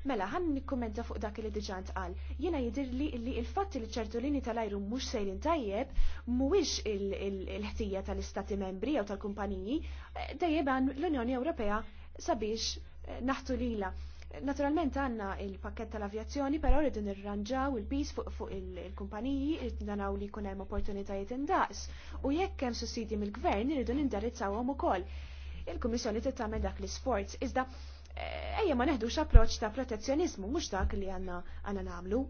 Mela, ħan nikkumenta fuq dak li diġa għal. Jiena jidir li li il-fatt li ċertu lini tal-ajru mhux sejrin tajjeb mhuwiex il-ħtija tal-istati membri jew tal-kumpaniji eh, dejjeb għan l-Unjoni Ewropea sabiex naħtu lila. Naturalment għanna il-pakket tal-avjazzjoni, però rridu nirranġaw il-bis fuq il-kumpaniji, rridu nanaw li kunem opportunitajiet indaqs. U jekk hemm sussidji mill-gvern, rridu nindirizzawhom ukoll. Il-Kummissjoni trid tagħmel dak l-isforz, iżda eh, ejja ma neħdux approċċ ta' protezzjonizmu mhux dak li għandna għandna nagħmlu.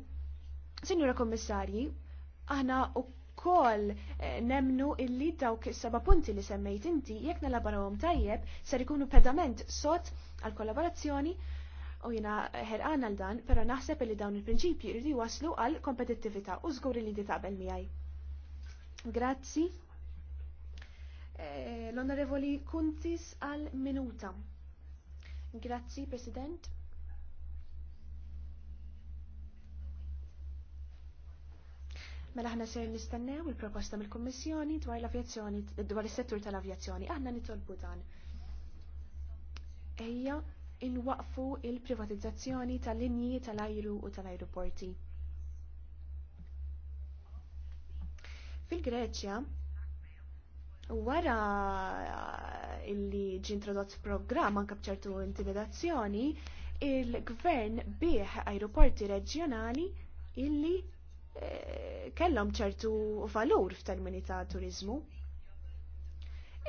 Sinjura Kummissarji, aħna ukoll eh, nemnu illi dawk is-seba' punti li semmejt inti jekk nelabarawhom tajjeb ser ikunu pedament sot għal kollaborazzjoni u jina ħerqan għal dan, pero naħseb li dawn il-prinċipji rridu waslu għal kompetittività u żgur li di taqbel miegħi. Grazzi. Eh, L-Onorevoli Kuntis għal minuta. Grazzi, President. Mela ħna ser nistennew il-proposta mill-Kummissjoni dwar l-avjazzjoni dwar is-settur tal-avjazzjoni. Aħna nitolbu dan. Ejja, inwaqfu il-privatizzazzjoni tal-linji tal-ajru u tal-ajruporti. Fil-Greċja, wara illi ġi introdott programm anke bċertu intimidazzjoni, il-gvern bih ajruporti reġjonali illi eh, kellhom ċertu valur f'termini ta' turiżmu.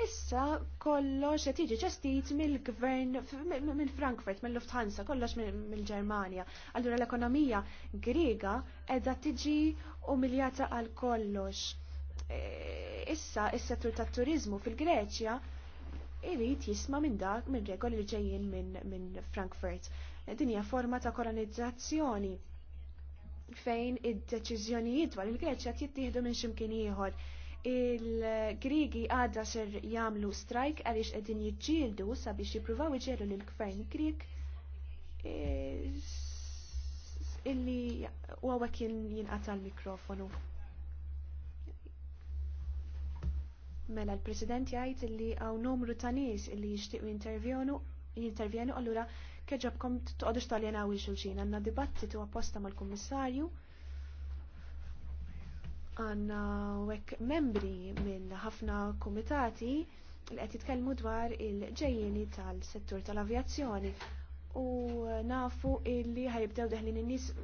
Issa kollox qed jiġi ġestit mill-gvern minn Frankfurt, mill Lufthansa, kollox mill-Ġermanja. Allura l-ekonomija Griega qiegħda tiġi umiljata għal kollox. E, issa is-settur tat-turiżmu fil-Greċja irid jisma' minn dak minn regoli li ġejjin minn Frankfurt. Din hija forma ta' kolonizzazzjoni fejn id-deċiżjonijiet dwar il-Greċja jittieħdu minn ximkien ieħor il-Grigi għadda ser jamlu strajk għaliex qegħdin jiġġieldu sabiex jipruvaw iġelu l gvern Grig e, illi huwa kien jinqata' l-mikrofonu. Mela l-President jgħid illi għaw numru ta' nies illi jixtiequ intervjonu jintervjenu allura keġobkom tqogħdux taljenaw il xulxin għanna dibattitu apposta mal-Kummissarju għanna wek membri minn ħafna komitati li qed jitkellmu dwar il-ġejjieni tal-settur tal-avjazzjoni u nafu illi ħajibdew deħlin in-nies eh,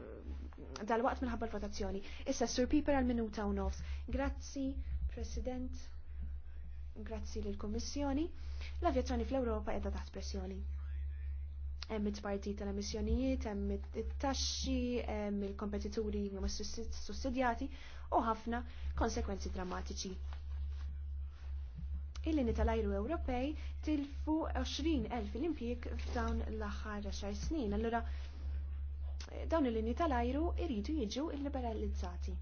dal-waqt minħabba l-votazzjoni. Issa Sur Piper għal minuta u nofs. Grazzi, President. Grazzi lill-Kummissjoni. L-avjazzjoni fl-Ewropa qiegħda taħt pressjoni. Hemm it-parti tal-emissjonijiet, hemm it-taxxi, hemm il-kompetituri huma sussidjati u ħafna konsekwenzi drammatiċi. Il-lini tal-ajru Ewropej tilfu 20.000 l-impjek f'dawn l-aħħar 10 snin. Allura dawn il-lini tal-ajru iridu jiġu il-liberalizzati.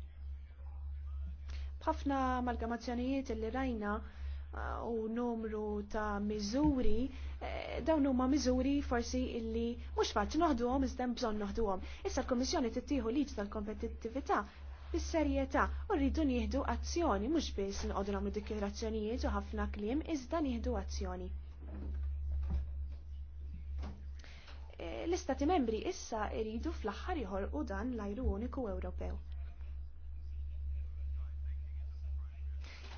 B'ħafna amalgamazzjonijiet li rajna uh, u numru ta' miżuri, eh, dawn huma miżuri forsi illi mhux faċli noħduhom iżda bżonn noħduhom. Issa l-Kummissjoni tittieħu liġ tal-kompetittività fis serjetà u rridu nieħdu azzjoni mhux biss nqogħdu nagħmlu dikjarazzjonijiet u ħafna kliem iżda nieħdu azzjoni. Eh, l-istati membri issa iridu fl-aħħar u dan l-ajru uniku Ewropew.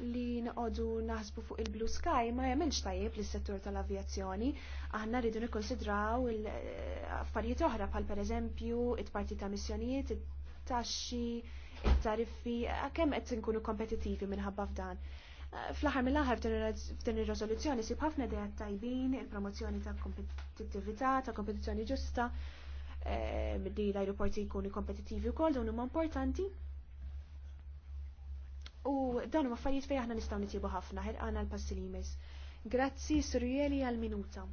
li nqodu naħsbu fuq il-Blue Sky ma jagħmilx tajjeb lis settur tal-avjazzjoni. Aħna rridu nikkonsidraw eh, affarijiet oħra bħal pereżempju it-parti ta' missjonijiet, it-taxxi, tariffi għakemm qed nkunu kompetittivi minħabba f'dan. Eh, fl-aħħar mill-aħħar f'din ir rezoluzzjoni sib ħafna dejat tajbin, il-promozzjoni ta' kompetittività, ta' kompetizzjoni ġusta, eh, li l-aeroporti jkunu kompetittivi wkoll dawn huma importanti. U dawn huma affarijiet fejn aħna nistgħu nitiebu ħafna għana l-passi li jmiss. Grazzi Surjeli għal-minuta.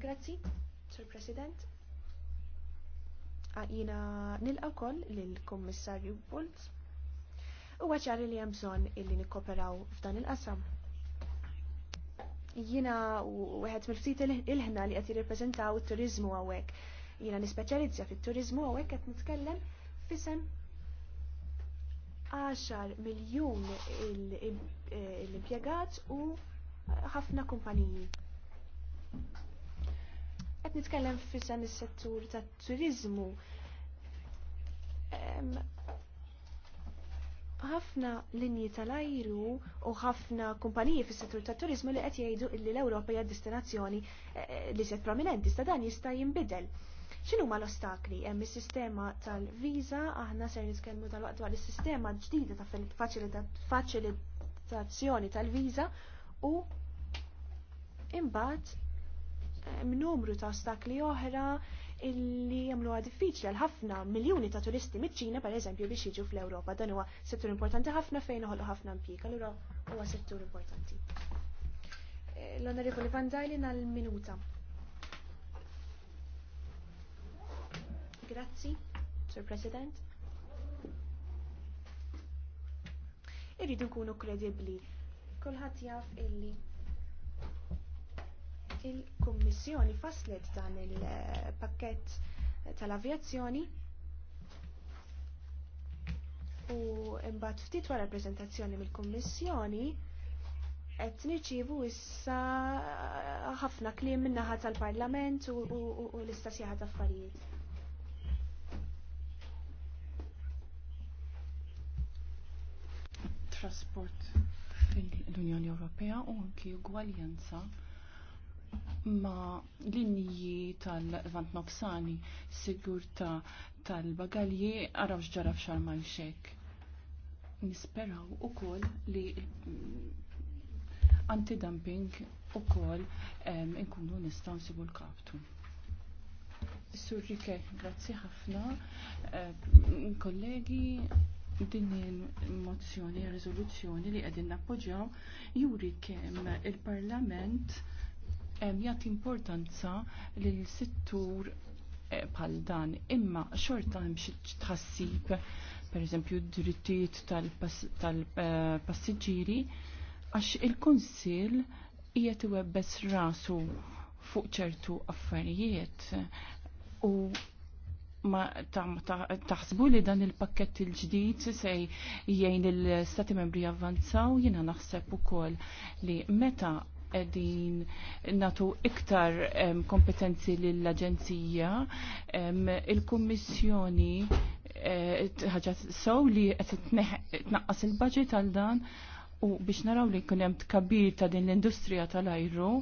Grazzi, Sur President. Għajina ah, nilqa wkoll lill-Kummissarju Bult u ċari li hemm bżonn illi nikkoperaw f'dan il-qasam. Jiena u wieħed mill-ftit il-ħna li qed reprezentaw il turiżmu hawnhekk. Jiena nispeċalizja fit-turiżmu għawek qed nitkellem fisem 10 miljun l-impjegat u ħafna kumpaniji. Qed nitkellem f'san is-settur tat-turiżmu. Ħafna linji tal-ajru u ħafna kumpaniji fis-settur tat-turiżmu li qed jgħidu li l-Ewropa hija destinazzjoni eh, eh, li set prominenti, sta dan jista' jinbidel. X'inhu ma l-ostakli? Hemm is-sistema tal-viża, aħna ser nitkellmu tal-waqt dwar is-sistema ġdida ta' faċilitazzjoni tal-viża u imbagħad numru ta' stakli oħra illi għad diffiċli għal ħafna miljuni ta' turisti miċ-Ċina pereżempju biex jiġu fl-Ewropa. Dan huwa settur importanti ħafna fejn uħolqu ħafna impjieg, allura huwa settur importanti. Eh, L-Onorevoli Van Dajlin għal minuta. Grazzi, Sir President. Irridu nkunu kredibbli. Kulħadd jaf illi il-Kummissjoni faslet dan il-pakket tal-avjazzjoni u imbagħad ftit wara preżentazzjoni mill-Kummissjoni qed nirċievu issa ħafna kliem min-naħa tal-Parlament u l-istasjaħa ta' affarijiet. Trasport fil-Unjoni Ewropea u anki ugwaljanza ma linji tal-Vant Nofsani ta' tal-bagalji għaraw xġara f'xarma xek. Nisperaw u koll li mm, antidumping u koll inkunu nistaw nsibu l-kaptu. Surrike, grazzi ħafna. Kollegi, din il-mozzjoni, il-rezoluzzjoni li għedin nappoġġaw juri kemm il-Parlament jagħti importanza lil settur eh, bħal dan imma xorta hemm tħassib pereżempju d-drittijiet tal-passiġġieri għax il kunsil qiegħed iwebbes rasu fuq ċertu affarijiet u ma taħsbu li dan il-pakket il-ġdid se jgħin il-stati membri avvanzaw jina naħseb ukoll li meta edin natu iktar um, kompetenzi l-Aġenzija. Um, Il-Kummissjoni eh, ħagġa uh, sow li qed tnaqqas il-budget għal dan u biex naraw li jkun hemm tkabbir ta' din l-industrija tal-ajru.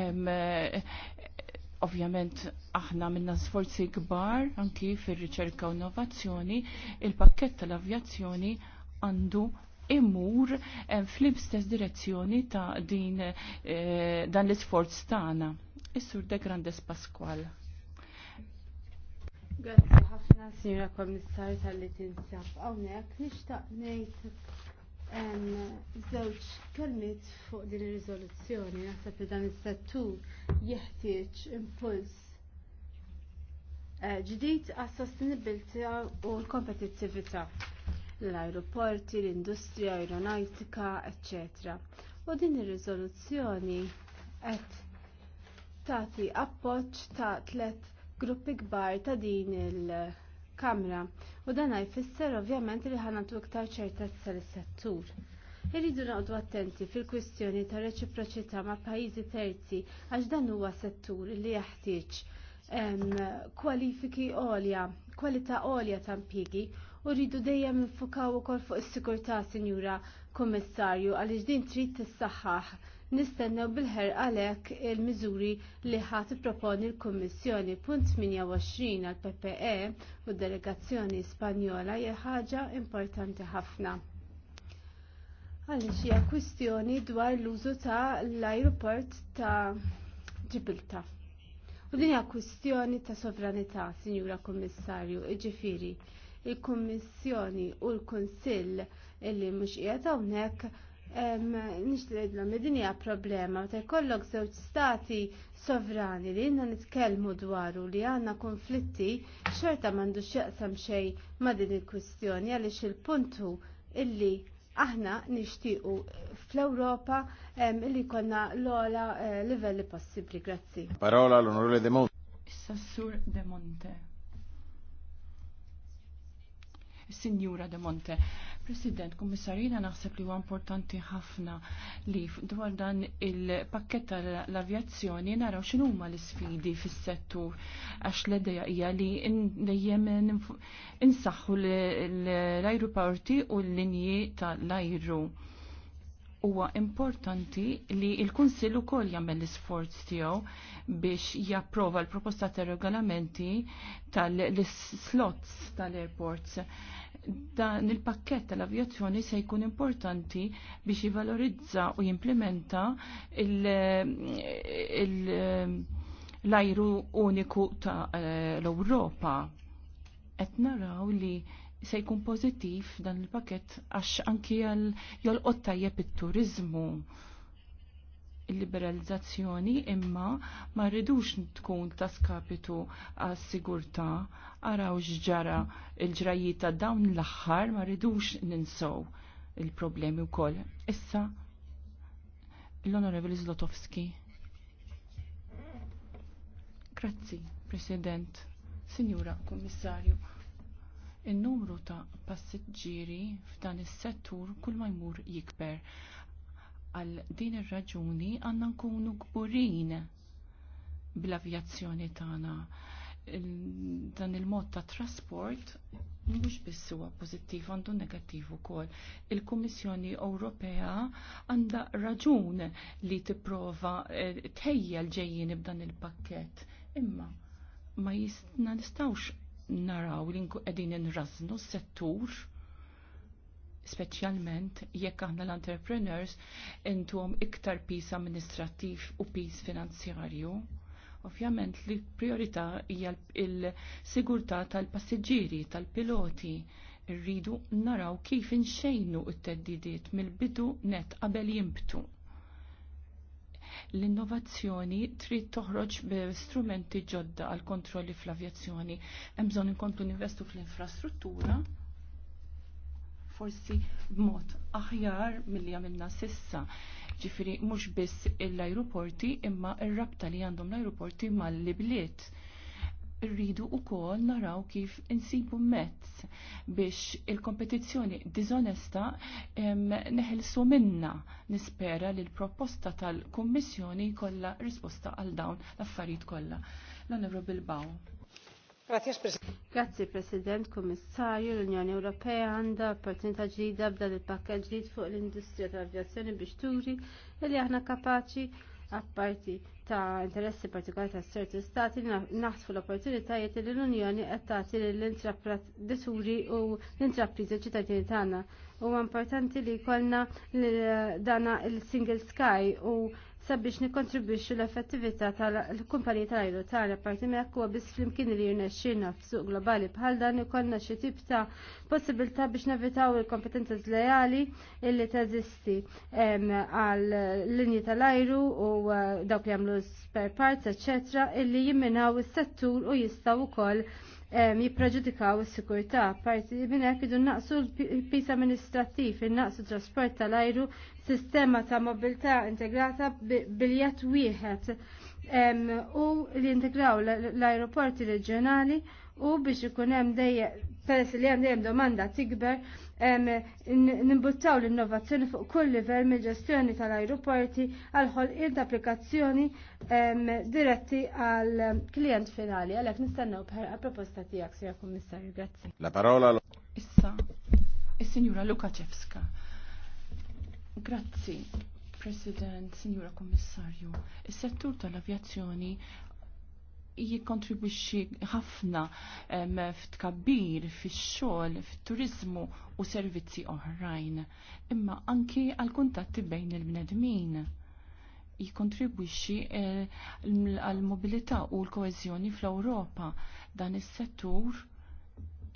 Um, Ovvjament aħna minna sforzi kbar anki fir-riċerka u innovazzjoni, il-pakket tal-avjazzjoni għandu imur eh, fl-istess direzzjoni ta' din eh, dan l-isforz tagħna. Is-Sur De Grandes Pasqual. Grazzi ħafna Sinjura Kommissarju tal-li tinsab hawnhekk nixtaq ngħid żewġ kelmiet fuq din ir-riżoluzzjoni naħseb li dan is-settur jeħtieġ impuls eh, ġdid għas sostenibilità u l-kompetittività l-aeroporti, l-industrija aeronautika, etc. U din ir-riżoluzzjoni qed tagħti appoġġ ta' tliet gruppi kbar ta' din il-Kamra u dan jfisser ovvjament li ħanatu iktar ċertezza lis-settur. Irridu naqdu attenti fil-kwistjoni ta' reċiproċità ma' pajjiżi terzi għax dan huwa settur li jeħtieġ kwalifiki għolja, kwalità għolja ta' impjiegi u rridu dejjem nfukaw ukoll fuq is-sikurtà, Sinjura Kummissarju, għaliex din trid tissaħħaħ. Nistennew bil-ħer għalhekk il-miżuri li ħadd proponi l-Kummissjoni punt 28 għal PPE u e delegazzjoni Spanjola hija ħaġa importanti ħafna. Għaliex hija kwistjoni dwar l-użu ta' l-ajruport ta' Ġibilta. U din hija kwistjoni ta' sovranità, Sinjura Kummissarju, iġifieri il-Kummissjoni u l-Kunsill illi mhux qiegħed hawnhekk nixtieqlhom id-dinja problema ta' jkollok żewġ stati sovrani li jinna nitkellmu dwaru li għandna konflitti xorta m'għandux xieqsam xejn ma' din il-kwistjoni għaliex il-puntu illi aħna nixtiequ fl-Ewropa illi konna l-ola eh, livelli possibbli. Grazzi. Parola l-Onorevole De Monte. Sassur De Monte. Signora De Monte. President, kummissarina naħseb li huwa importanti ħafna li dwar dan il-pakket tal-avjazzjoni naraw xinu huma l-isfidi fis-settur għax l-idea hija li dejjem insaħħu l-ajruporti u l-linji tal-ajru. Huwa importanti li l-Kunsill ukoll jagħmel l-isforz tiegħu biex japprova l-proposta tar regolamenti tal-slots tal-airports. tal slots tal airports dan il-pakket tal-avjazzjoni se jkun importanti biex jivalorizza u jimplementa l-ajru uniku ta' l-Europa. Et naraw li se jkun pozitif dan il-pakket għax anki jol jolqot tajjeb it-turizmu il-liberalizzazzjoni imma ma rridux tkun ta' skapitu għas sigurtà araw xġara il-ġrajiet ta' dawn l-aħħar ma rridux ninsow il-problemi wkoll. Issa l-Onorevoli Zlotowski. Grazzi, President, Signora Kommissarju il numru ta' passiġġieri f'dan is-settur kull ma jmur jikber għal din ir-raġuni għandna nkunu kburin bl-avjazzjoni tagħna. Dan il-mod ta' trasport mhux biss huwa pożittiv għandu negattiv ukoll. Il-Kummissjoni Ewropea għandha raġun li tipprova eh, tejjel ġejjin b'dan il-pakkett. Imma ma jistna nistawx naraw li qegħdin inrażnu s-settur speċjalment jekk aħna l-entrepreneurs intuhom iktar pis amministrattiv u pis finanzjarju. Ovvjament li priorità hija l-sigurtà tal-passiġġieri, tal-piloti. rridu naraw kif inxejnu t-teddidiet mill-bidu net qabel jimbtu l-innovazzjoni trid toħroġ b'strumenti ġodda għal kontrolli fl-avjazzjoni. Hemm bżonn inkomplu ninvestu fl-infrastruttura forsi b'mod aħjar milli għamilna sissa. Ġifiri, mhux biss l-ajruporti imma r-rabta li għandhom l-ajruporti mal-libliet. Rridu wkoll naraw kif insibu mezz biex il-kompetizzjoni dizonesta neħilsu minna. Nispera li l-proposta tal-Kummissjoni kollha risposta għal dawn l-affarijiet kollha. L-Onorable Baw. Grazie, President. Grazie, l-Unjoni Ewropea għandha opportunità ġdida b'dan il pakkett ġdid fuq l-industrija tal-avjazzjoni biex turi li aħna kapaċi apparti ta' interessi partikolari ta' serti stati naħsfu l-opportunitajiet li l-Unjoni qed tagħti lill-intraprenditori u l-intrapriżi ċittadini tagħna. Huwa importanti li jkollna dana l single Sky u sabiex nikontribwixxu l-effettività tal-kumpaniji tal-ajru tagħna parti hekk huwa biss flimkien li jirnexxielna f'suq globali bħal dan ikollna xi tip ta' possibilità biex nevitaw il-kompetenza żlejali illi teżisti għal linji tal-ajru u eh, dawk li jagħmlu spare parts, eċċetera, illi jimminaw is-settur u jistgħu wkoll jippreġudikaw is-sigurtà. Parti minn hekk idu naqsu l-pis amministrattiv, innaqsu trasport tal-ajru, sistema ta' mobilità integrata biljett wieħed u li integraw l-aeroporti reġjonali u biex ikun hemm dejjem peress li hemm dejjem domanda tikber nimbuttaw l-innovazzjoni fuq kull livell mill ġestjoni tal-aeroporti għal ħolqien ta' applikazzjoni diretti għal klient finali. Għalek nistennew bħerqa proposta tiegħek, Sija Kummissarju. Grazzi. La parola Issa, is Luka Lukaċevska. Grazzi. President, Signora Kommissarju, is-settur tal-avjazzjoni jikontribuċi ħafna f'tkabbir, fix-xogħol, fit u servizzi oħrajn, imma anki għal kuntatti bejn il-bnedmin Jikontribuċi eh, għal mobilità u l koezjoni fl-Ewropa dan is-settur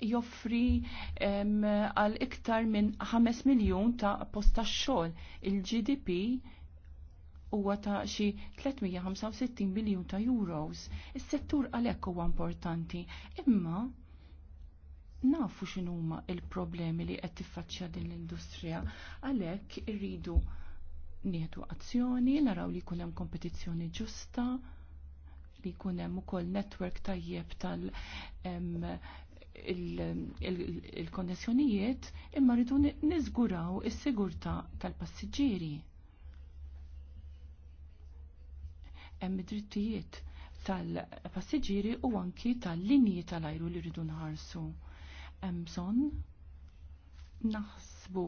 joffri għal iktar minn 5 miljun ta' posta xogħol il-GDP huwa ta' xi 365 miljun ta' euros. Is-settur għalhekk huwa importanti, imma nafu x'inhuma l problemi li qed tiffaċċja din l-industrija għalhekk irridu nieħdu azzjoni, naraw li jkun hemm kompetizzjoni ġusta, li jkun hemm ukoll netwerk tajjeb tal il-konnessjonijiet imma rridu niżguraw is-sigurtà tal-passiġġieri. hemm drittijiet tal-passiġġieri u anki tal-linji tal-ajru li rridu nħarsu. Hemm bżonn naħsbu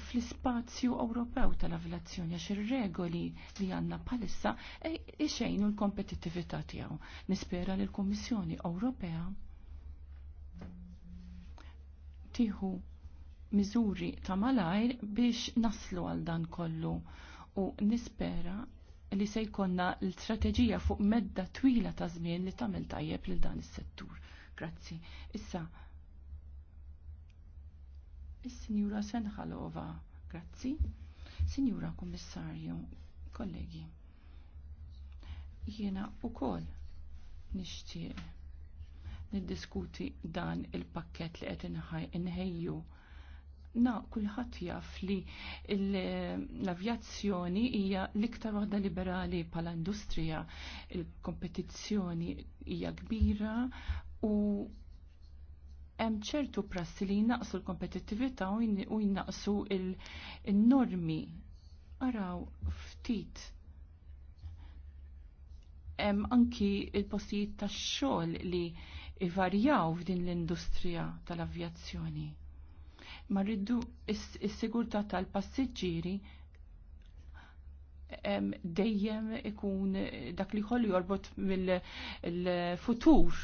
fl-ispazju Ewropew tal avjazzjoni għax ir-regoli li għandna bħalissa e, ixejnu l-kompetittività tiegħu. Nispera li l-Kummissjoni Ewropea tieħu miżuri ta' malajr biex naslu għal dan kollu u nispera li se jkonna l-strateġija fuq medda twila ta' żmien li tagħmel tajjeb lil dan is-settur. Grazzi. Issa Is-Sinjura Senħalova, grazzi. Sinjura Kummissarju, kollegi. Jiena ukoll nixtieq niddiskuti dan il-pakket li qed inħejju na kulħadd jaf li l-avjazzjoni hija l-iktar waħda liberali bħala industrija. Il-kompetizzjoni hija kbira u hemm ċertu prassi li jnaqsu l-kompetittività u jnaqsu il-normi. Araw ftit hemm anki il-postijiet tax-xogħol li ivarjaw f'din l-industrija tal-avjazzjoni ma rridu s sigurtà tal-passiġġieri dejjem ikun dak li jħollu jorbot mill-futur,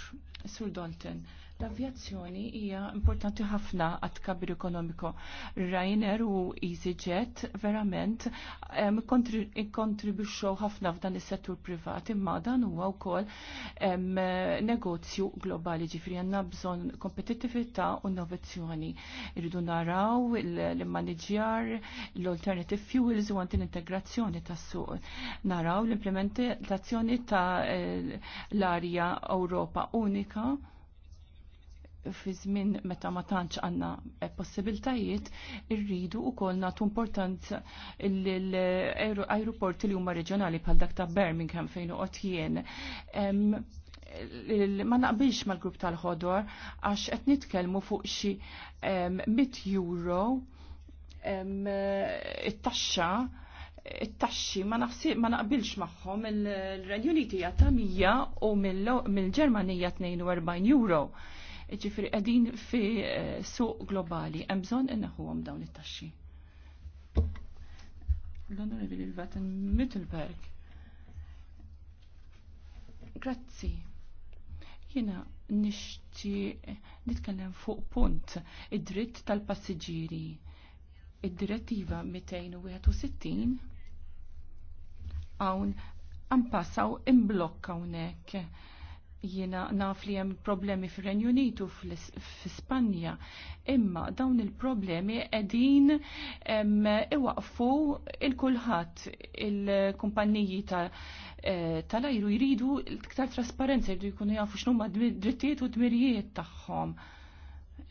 Sur Dalton. L-avjazzjoni hija importanti ħafna għat kabir ekonomiko. Ryanair u EasyJet verament kontribuxxew ħafna f'dan is-settur privat imma dan huwa wkoll negozju globali ġifri għandna bżonn kompetittività u innovazzjoni. Irridu naraw l-manager, l-alternative fuels u għandin integrazzjoni tas-suq. Naraw l-implementazzjoni ta' eh, l-arja Ewropa unika fi żmien meta ma tantx għandna eh, possibiltajiet irridu wkoll nagħtu importanza l-ajruporti li huma reġjonali bħal dak ta' Birmingham fejn uqgħod jien. Ma naqbilx mal-grupp tal-ħodor għax qed nitkellmu fuq xi 100 euro it-taxxa it-taxxi ma naħsib ma naqbilx magħhom il-Renju Uniti hija ta' 100 u mill-Ġermanija 42 euro ġifri qegħdin fi eh, suq globali, hemm bżonn inneħuhom dawn it-taxxi. L-Onorevoli Vaten Mittelberg. Grazzi. Jiena nishti nitkellem fuq punt id-dritt tal-passiġġieri. Id-direttiva 261 għawn għampassaw imblokka hawnhekk jiena naf li hemm problemi fir-Renju Unitu fl-Ispanja, imma dawn il-problemi qegħdin iwaqfu il kulħadd il-kumpanniji eh, tal-ajru jridu l iktar trasparenza jridu jkunu jafu x'numa drittijiet u dmirijiet tagħhom.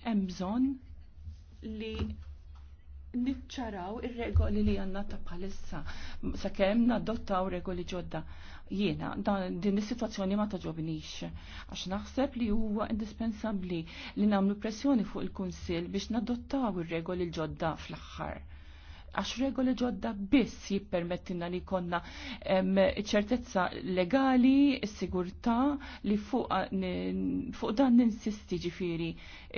Hemm bżonn li niċċaraw ir-regoli li għanna ta' palissa sakemm nadottaw regoli ġodda. Jiena, din is-sitwazzjoni ma ta'ġobinix. għax naħseb li huwa indispensabbli li nagħmlu pressjoni fuq il-Kunsill biex nadottaw ir-regoli ġodda fl-aħħar għax regoli ġodda biss jippermettina li konna ċertezza legali, sigurtà li fuq, fuq dan ninsisti ġifiri.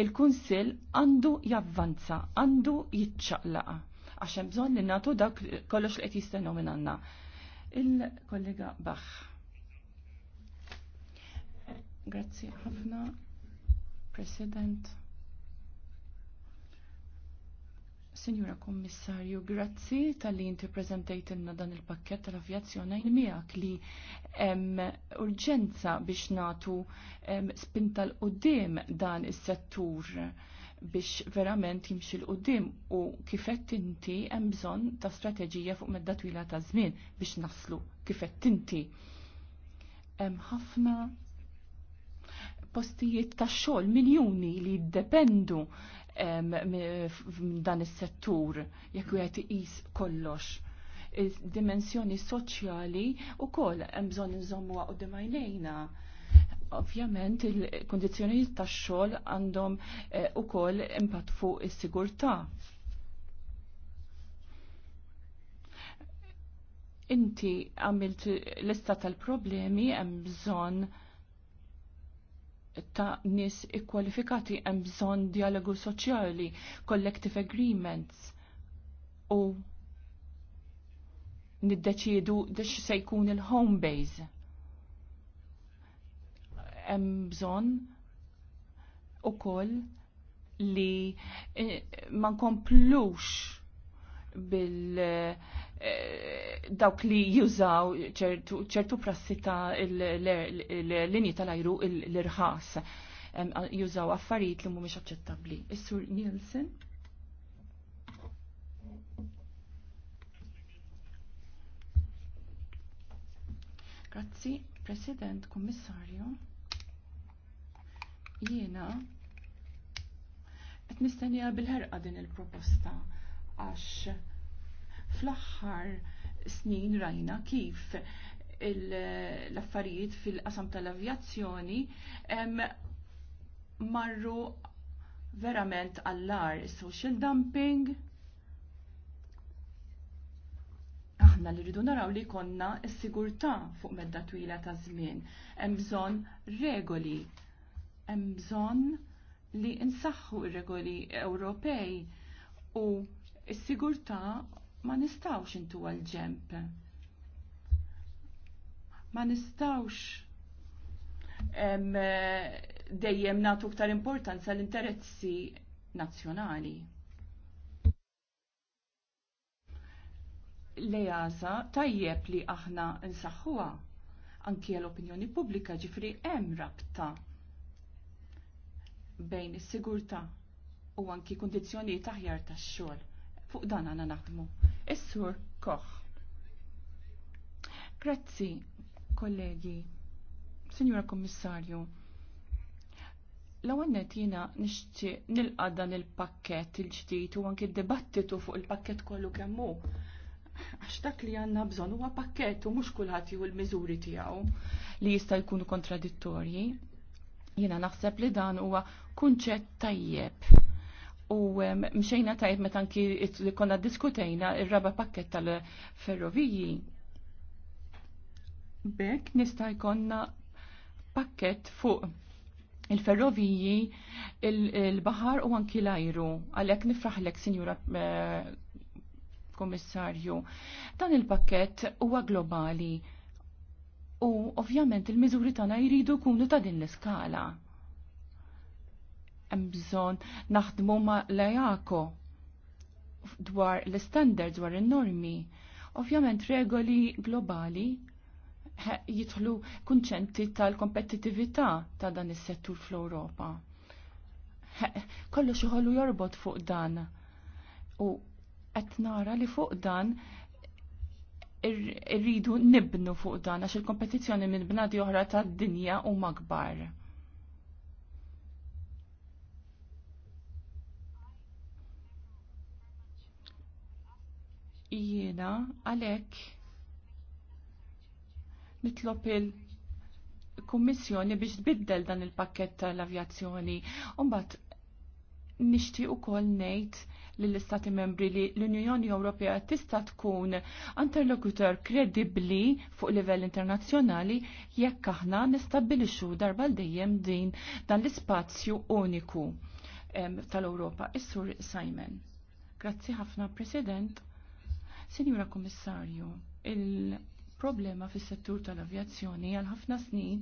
Il-Kunsil għandu javvanza, għandu jitċaqlaqa għax hemm bżonn li nagħtu dak kollox li qed minn għandna. Il-kollega Bach. Grazzi ħafna, President. Signora Kommissarju, grazzi tal-li inti prezentajtinna dan il-pakket tal-avjazzjoni miegħek li urġenza biex natu spinta l qudiem dan is-settur biex verament jimxil qoddim u kifett inti hemm bżonn ta' strateġija fuq medda twila ta' żmien biex naslu kifett inti. Hemm ħafna postijiet ta' xogħol miljuni li jiddependu dan is-settur jekk wieħed iqis kollox. Dimensjoni soċjali wkoll hemm bżonn nżommuha qudiem għajnejna ovvjament il-kondizjonijiet tax-xogħol għandhom eh, ukoll impatt fuq is-sigurtà. Inti għamilt l lista tal-problemi hemm bżonn ta' nis ikkwalifikati hemm bżonn dialogu soċjali, collective agreements u niddeċiedu dex se jkun il-home base. Hemm bżonn ukoll li eh, ma nkomplux bil dawk li jużaw ċertu prassi ta' l-linji tal-ajru l-irħas jużaw affarijiet li mhumiex aċċettabbli. Is-Sur Nielsen. Grazzi, President, Kummissarju. Jiena qed nistennija bil-ħerqa din il-proposta għax Fl-aħħar snin rajna kif l-affarijiet fil-qasam tal-avjazzjoni marru verament għallar social dumping aħna li rridu naraw li konna s-sigurtà fuq medda twila ta' żmien. Hemm bżonn regoli. Hemm bżonn li insaħħu r-regoli Ewropej u s-sigurtà ma nistawx intu għal-ġemp. Ma nistawx dejjem natu ktar importanza l-interessi nazzjonali. Lejaza tajjeb li aħna nsaħħuha anki l-opinjoni pubblika ġifri hemm rabta bejn is-sigurtà u anki kundizzjonijiet aħjar tax-xogħol fuq dan għana naħdmu. Is-sur Koch. Grazzi, kollegi, Signora Kommissarju, l-għan netina nishti nilqa dan il-pakket il-ġdijt u anki dibattitu fuq il-pakket kollu kemmu. Għax dak li għanna bżon huwa pakket u mux kullħat u l-mizuri tijaw li jista' jkunu kontradittorji. Jena naħseb li dan huwa kunċett tajjeb U mxejna tajt meta anki konna diskutejna il raba pakket tal-ferroviji. Bek nista' jkollna pakket fuq il-ferroviji, il-bahar u anki l-ajru. Għalhekk nifraħlek, Sinjura eh, Kommissarju. Dan il-pakket huwa globali u ovvjament il-miżuri tagħna jridu jkunu ta' din l-iskala hemm bżonn naħdmu ma' lejako dwar l-standards dwar in-normi. Ovvjament regoli globali jidħlu kunċenti tal-kompetittività ta' dan is-settur fl-Ewropa. Kollox iħollu jorbot fuq dan. U qed nara li fuq dan irridu nibnu fuq dan għax il-kompetizzjoni minn bnadi oħra tad-dinja u magbar. jiena għalhekk nitlob il-Kummissjoni biex tbiddel dan il-pakket tal-avjazzjoni. Umbat nixtieq ukoll ngħid lill-Istati Membri li l-Unjoni Ewropea tista' tkun interlokutor kredibbli fuq livell internazzjonali jekk aħna nistabbilixxu darba dejjem din dan l-ispazju uniku tal-Ewropa. Is-Sur Simon. Grazzi ħafna President. Sinjura Komissarju, il-problema fis settur tal-avjazzjoni għal ħafna snin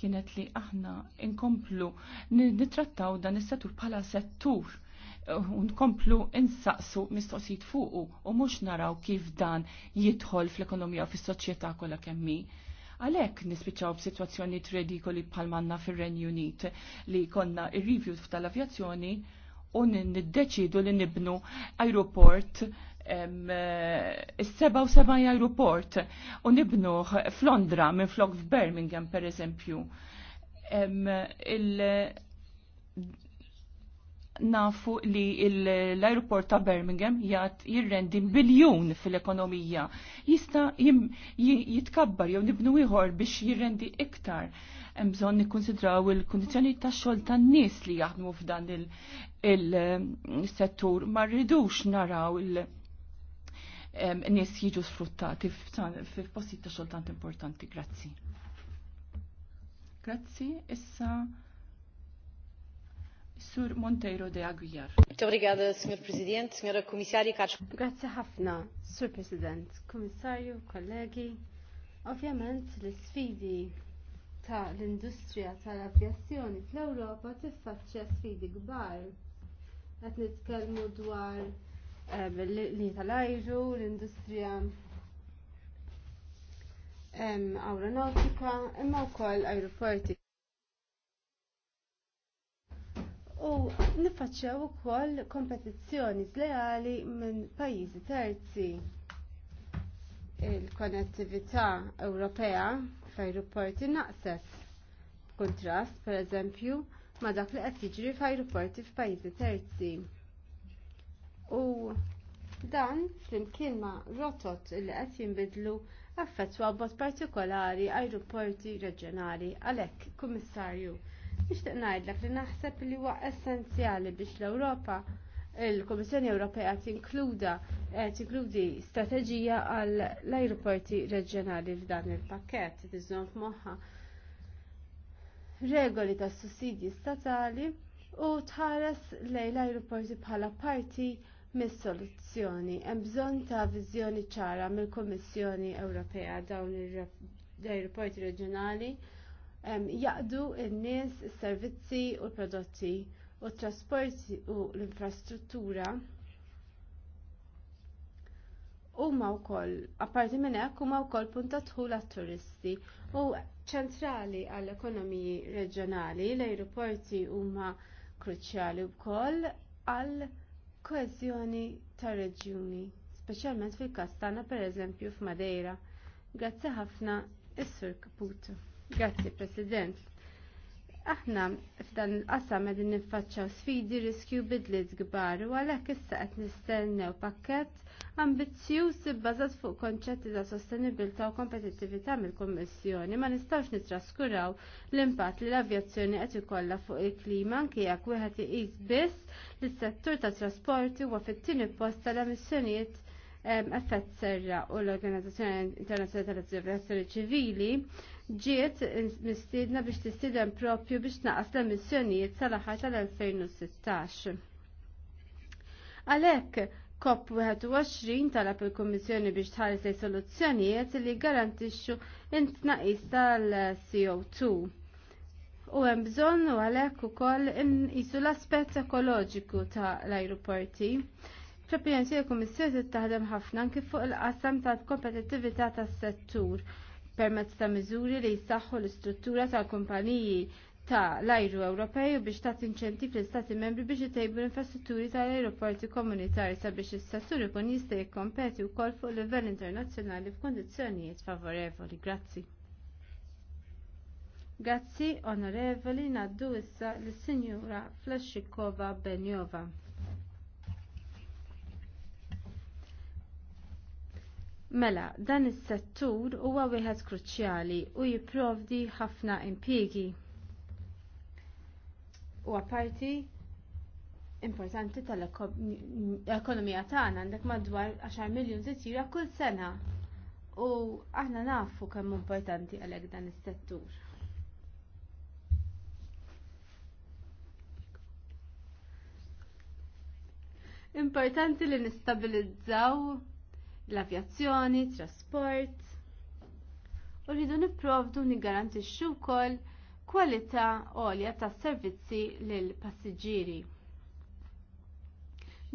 kienet li aħna inkomplu nitrattaw dan is-settur bħala settur uh, u nkomplu insaqsu mistoqsijiet fuqu u mhux naraw kif dan jidħol fl-ekonomija u fis-soċjetà kollha kemmi għalek nispiċaw b'sitwazzjonijiet redikoli bħalmanna fil-Renju Unit li konna ir-review tal-avjazzjoni u niddeċidu li nibnu aeroport Eh, is seba' aeroport u nibnuh f'Londra minn flok f'Birmingham per eżempju. nafu li l-aeroport ta' Birmingham jgħat jirrendi biljun fil-ekonomija. Jista jitkabbar jew nibnu ieħor biex jirrendi iktar hemm bżonn il kondizjoni tax-xogħol tan-nies li jaħdmu f'dan il-settur eh, ma rridux naraw il-, il nies jiġu sfruttati f f'postijiet ta' xoltant importanti. Grazzi. Grazzi, issa Sur Monteiro de Aguiar. Muito Obrigada, Sr. Presidente, Sra. Komissarju Carlos. Grazie ħafna, Sur President, Komissarju, kollegi. Ovvjament, l-sfidi ta' l-industrija tal-avjazzjoni fl-Ewropa tiffaċċja sfidi kbar. Qed nitkellmu dwar li tal-ajru, l-industrija aeronautika, imma wkoll aeroporti. U nifaċċew ukoll kompetizzjoni zleali minn pajjiżi terzi. Il-konnettività Ewropea f'ajruporti naqset kontrast, pereżempju, ma dak li qed jiġri f'ajruporti f'pajjiżi terzi. U dan flimkien ma' rotot li qed jinbidlu affettwa b'mod partikolari ajruporti reġjonali għalhekk kummissarju nixtieq ngħidlek li naħseb li huwa essenzjali biex l-Ewropa il-Kummissjoni Ewropea tinkluda eh, tinkludi strateġija għal l-ajruporti reġjonali f'dan il-pakkett tiżżomm f'moħħa regoli tas sussidji statali u tħares lejn l-ajruporti bħala parti mis-soluzzjoni. Hemm bżonn ta' viżjoni ċara mill-Kummissjoni Ewropea dawn ir ajruporti reġjonali ehm, jaqdu n-nies, is-servizzi u l-prodotti u t-trasporti u l-infrastruttura huma wkoll apparti minn hekk huma wkoll punta dħul għat-turisti u ċentrali għall-ekonomiji reġjonali l-ajruporti huma kruċjali wkoll għall koeżjoni tar reġjuni, speċjalment fil-każ tagħna pereżempju f'Madeira. Grazzi ħafna is-Sur Caputo. Grazzi President. Aħna f'dan il-qasam qegħdin niffaċċaw sfidi riskju bidliet gbar u għalhekk issa qed nistennew pakkett ambizzjuż ibbażat fuq konċetti ta' sostenibilità u kompetittività mill-Kummissjoni ma nistgħux nitraskuraw l-impatt li l-avjazzjoni qed ikollha fuq il-klima anke jekk wieħed iqis biss li s-settur tat trasporti huwa fit-tieni post tal-emissjonijiet effett serra u l-Organizzazzjoni Internazzjonali tal-Azzjoni Ċivili ġiet mistiedna biex tistieden propju biex naqas l-emissjonijiet sal-aħħar tal-2016. Għalhekk COP21 talab il-Kummissjoni biex tħares lej soluzzjonijiet li garantixxu intnaqis tal-CO2. U hemm bżonn u għalhekk ukoll inqisu l-aspett ekoloġiku tal-ajruporti. Preparjanzi l-Kummissjoni taħdem ħafna kif fuq il-qasam tal-kompetittività tas-settur permezz ta' miżuri li jsaħħu l-istruttura tal-kumpaniji ta' l-ajru Ewropej biex ta' inċenti l-Istati membri biex jtejbu l-infrastrutturi tal-aeroporti komunitari sabiex is-settur ikun jista' jikkompeti wkoll fuq livell internazzjonali f'kondizzjonijiet favorevoli. Grazzi. Grazzi, onorevoli, naddu issa lis sinjura Flashikova Benjova. Mela, dan is-settur huwa wieħed kruċjali u jipprovdi ħafna impjiegi. U apparti importanti tal-ekonomija tagħna għandek madwar 10 miljun titjira kull sena. U aħna nafu kemm importanti għalhekk dan is-settur. Importanti li nistabilizzaw l-avjazzjoni, trasport. U rridu nipprovdu niggarantixxu wkoll kwalità għolja tas servizzi lill passiġġieri.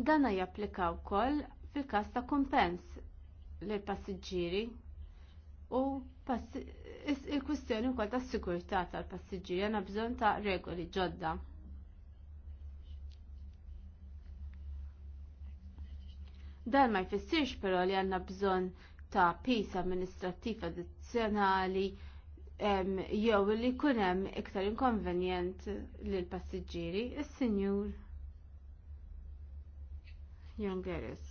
Dana japplika wkoll fil-każ ta' kumpens lill passiġġieri u il-kwistjoni wkoll tas-sigurtà tal-passiġġieri għandna bżonn ta' regoli ġodda. Dan ma jfissirx però li għandna bżonn ta' pis amministrattiv addizzjonali jew li jkun hemm iktar inkonvenjent lil passiġġieri is-Sinjur Jongeris.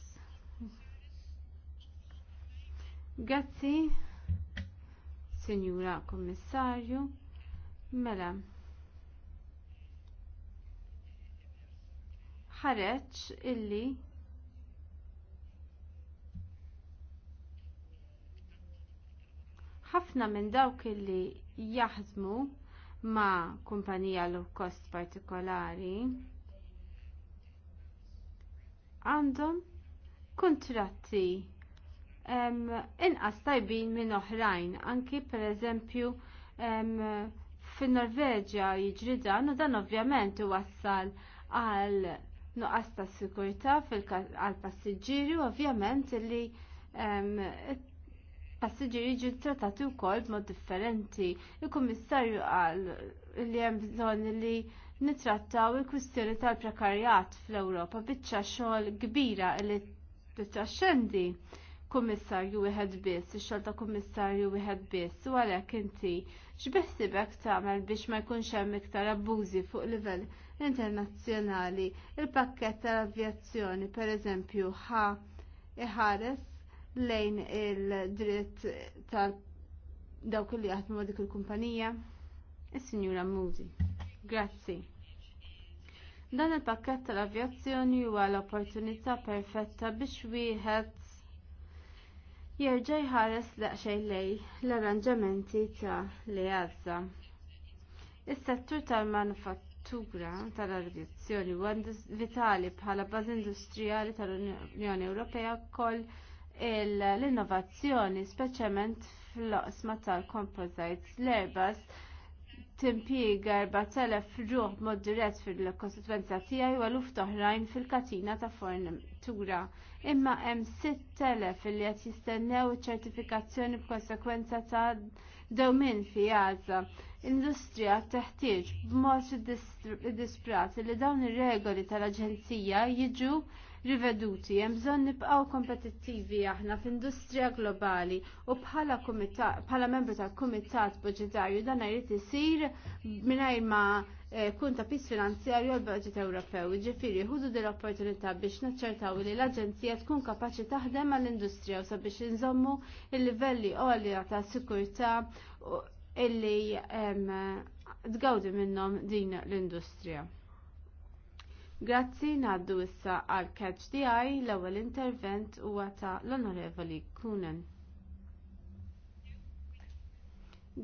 Grazzi, Sinjura Kommissarju, mela. ħareċ illi ħafna minn dawk li jaħdmu ma' kumpanija low cost partikolari għandhom kuntratti inqas tajbin minn oħrajn, anki pereżempju fin-Norveġja jiġri dan u dan ovvjament iwassal għal nuqqas ta' sikurtà għall passiġġieri u ovvjament li passiġġieri jiġu trattati wkoll b'mod differenti. Il-Kummissarju qal li hemm bżonn li nitrattaw il-kwistjoni tal-prekarjat fl-Ewropa biċċa xogħol kbira li titraxxendi kummissarju wieħed biss, ix-xogħol ta' kummissarju wieħed biss, u għalhekk inti x'beħsibek tagħmel biex ma jkunx hemm iktar abbużi fuq livell internazzjonali. Il-pakkett tal-avjazzjoni pereżempju ħa iħares lejn il-dritt tal dawk li għatmu dik il-kumpanija. Is-Sinjura Muzi. Grazzi. Dan il-pakket tal-avjazzjoni huwa l-opportunità perfetta biex wieħed jerġa' jħares daqsxejn lej l-arranġamenti ta' li għazza. Is-settur tal-manufattura tal-avjazzjoni huwa vitali bħala bażi industrijali tal-Unjoni Ewropea wkoll l-innovazzjoni speċjalment fl-oqsma tal-composites l-erbas timpiega 4000 ruħ b'mod dirett fil-kostituenza tiegħi u eluf toħrajn fil-katina ta' fornitura. Imma hemm 6000 li qed jistennew ċertifikazzjoni b'konsekwenza ta' dewmien fi għaża. Industrija teħtieġ b'mod disprat li dawn ir-regoli tal-Aġenzija jiġu riveduti. Hemm bżonn nibqgħu kompetittivi aħna fl-industrija globali u bħala bħala membru tal-Kumitat Budġetarju dan jrid isir mingħajr ma eh, kun ta' pis finanzjarju għal budget Ewropew. Ġifieri ħudu din l-opportunità biex naċċertaw li l-Aġenzija tkun kapaċi taħdem għall-industrija u sabiex inżommu il-livelli għolja ta' sikurtà illi eh, tgawdi minnhom din l-industrija. Grazzi ngħaddu issa għal catch DI l-ewwel intervent huwa ta' l-Onorevoli Kunen.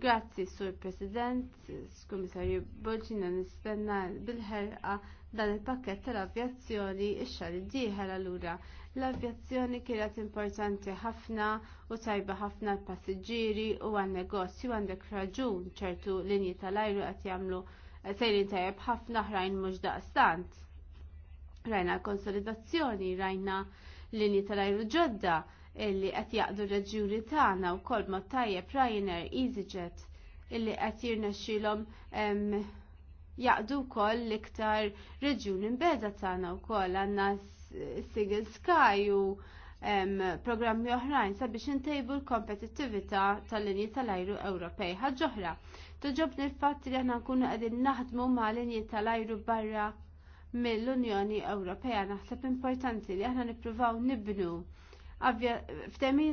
Grazzi Sur President, Kummissarju Boġina nistenna bil-ħerqa dan il-pakket tal-avjazzjoni ix-xar id-dieħel allura. L-avjazzjoni kienet importanti ħafna u tajba ħafna l-passiġġieri u għan-negozju għandek raġun ċertu linji tal-ajru qed jagħmlu sejrin tajjeb ħafna ħrajn mhux daqstant Rajna l-konsolidazzjoni, rajna linji tal-ajru ġodda illi qed jaqdu reġjuri tagħna wkoll ma tajjeb prajner EasyJet illi qed jirnexxilhom jaqdu wkoll l-iktar reġjuni mbeda tagħna wkoll għandna Single Sky u programmi oħrajn sabiex intejbu l-kompetittività tal-linji tal-ajru Ewropej. Ħaġġoħra, toġobni l-fatt li għanna nkunu qegħdin naħdmu ma' linji tal-ajru barra mill-Unjoni Ewropea. Naħseb importanti li aħna nippruvaw nibnu f'temi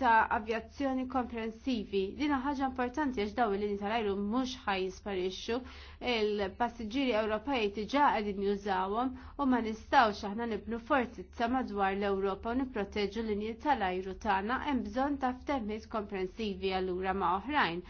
ta' avjazzjoni komprensivi. Dina ħaġa importanti għax daw il-lini tal-ajru mux ħaj jisparixxu, il-passiġġieri Ewropej tiġa qegħdin jużawhom u ma nistgħux aħna nibnu fortizza madwar l-Ewropa u nipproteġu l-linji tal-ajru tagħna hemm bżonn ta' ftehmiet komprensivi allura ma' oħrajn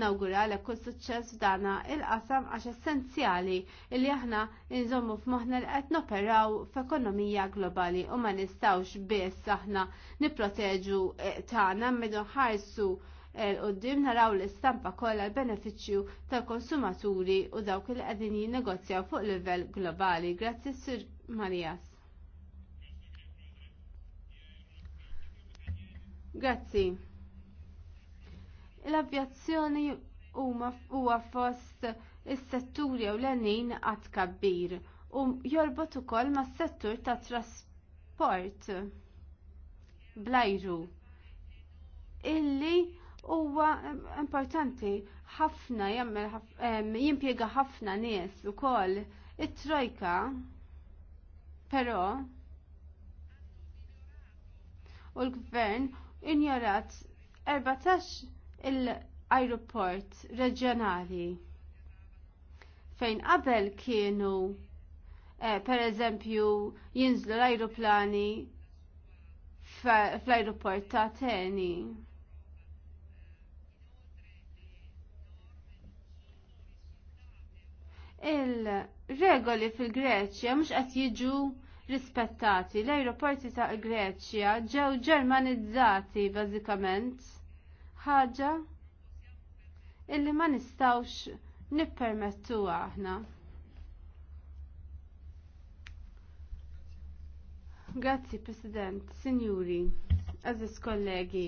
nawguralek kull suċċess f'dana il-qasam għax essenzjali li aħna nżommu f'moħħna li qed noperaw f'ekonomija globali u ma nistawx biss aħna nipproteġu e, tagħna meddu ħarsu e, l-qoddim naraw l-istampa kollha l-benefiċċju tal-konsumaturi u dawk li qegħdin negozjaw fuq livell globali. Grazzi Sir Marias. Grazzi. L-avjazzjoni huwa fost is-setturi ewlenin għad kabbir u jorbot ukoll mas-settur tat trasport blajru illi huwa importanti ħafna jagħmel jimpjega ħafna nies ukoll it-trojka però u l-gvern injorat 14 l-ajruport reġjonali fejn qabel kienu eh, per eżempju jinżlu l-ajruplani fl-ajruport ta' Teni. il-regoli fil-Greċja mhux qed jiġu rispettati. l ajruporti ta' Greċja ġew ġermanizzati bażikament ħaġa illi ma nistawx nippermettu aħna. Grazzi President, Sinjuri, Aziz kollegi,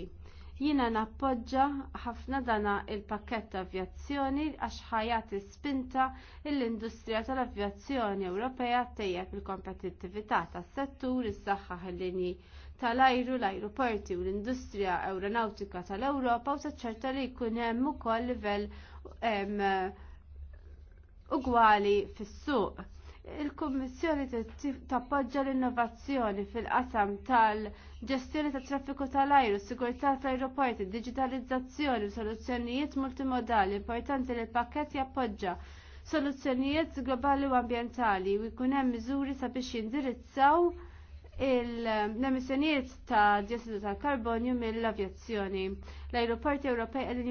jina nappoġġa ħafna dana il-pakket ta' avjazzjoni għax ħajat spinta l-industrija tal-avjazzjoni Ewropea tejjeb il-kompetittività tas-settur, is-saħħa ħallini tal-ajru l-ajruporti u l-industrija aeronautika tal-Ewropa u taċċerta li jkun hemm ukoll livell ugwali fis-suq. Il-Kummissjoni tappoġġa l-innovazzjoni fil-qasam tal-ġestjoni tat traffiku tal-ajru, sigurtà tal-ajruporti, digitalizzazzjoni u soluzzjonijiet multimodali. Importanti li l-pakket jappoġġa soluzzjonijiet globali u ambjentali u jkun hemm miżuri sabiex jindirizzaw l-emissjonijiet ta' diossidu ta' karbonju mill-avjazzjoni. L-aeroporti Ewropej għedin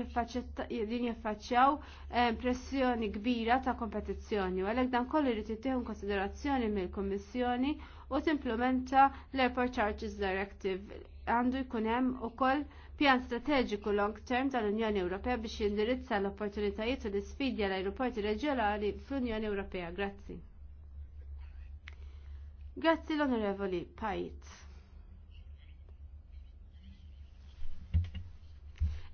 jiffaċċjaw eh, pressjoni kbira ta' kompetizzjoni u għalhekk dan kollu jrid jittieħu konsiderazzjoni mill-Kummissjoni u timplementa l-Airport Charges Directive. Għandu jkun hemm ukoll pjan strateġiku long term tal-Unjoni Ewropea biex jindirizza l-opportunitajiet u l-isfidi għall aeroporti reġjonali fl-Unjoni Ewropea. Grazzi. Grazzi l-Onorevoli Pajt.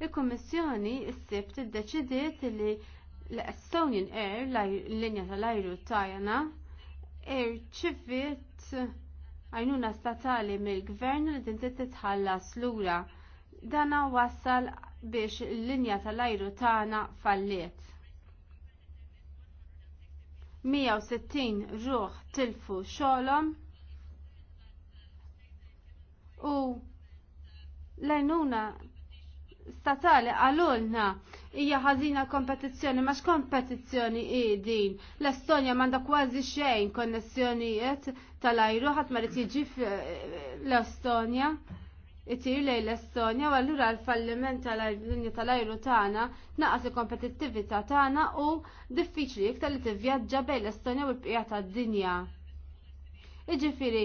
Il-Kommissjoni s sebt id-deċidiet li l-Estonian Air, l-linja tal-ajru tajana, Air ċivit għajnuna statali mill-gvern li tinti titħallas lura. Dana wassal biex l-linja tal-ajru tagħna falliet. 160 ruħ tilfu xolom u lejnuna statali għalulna hija ħażina kompetizzjoni ma kompetizzjoni hi din. L-Estonja m'għandha kważi xejn konnessjonijiet tal-ajru ħadd ma jiġi l-Estonja itir lejn l-Estonja u allura l-falliment tal-linja tal-ajru tagħna naqas il-kompetittività tagħna u diffiċli iktar li tivvjaġġa bejn l-Estonja u l-bqija tad-dinja. Iġifieri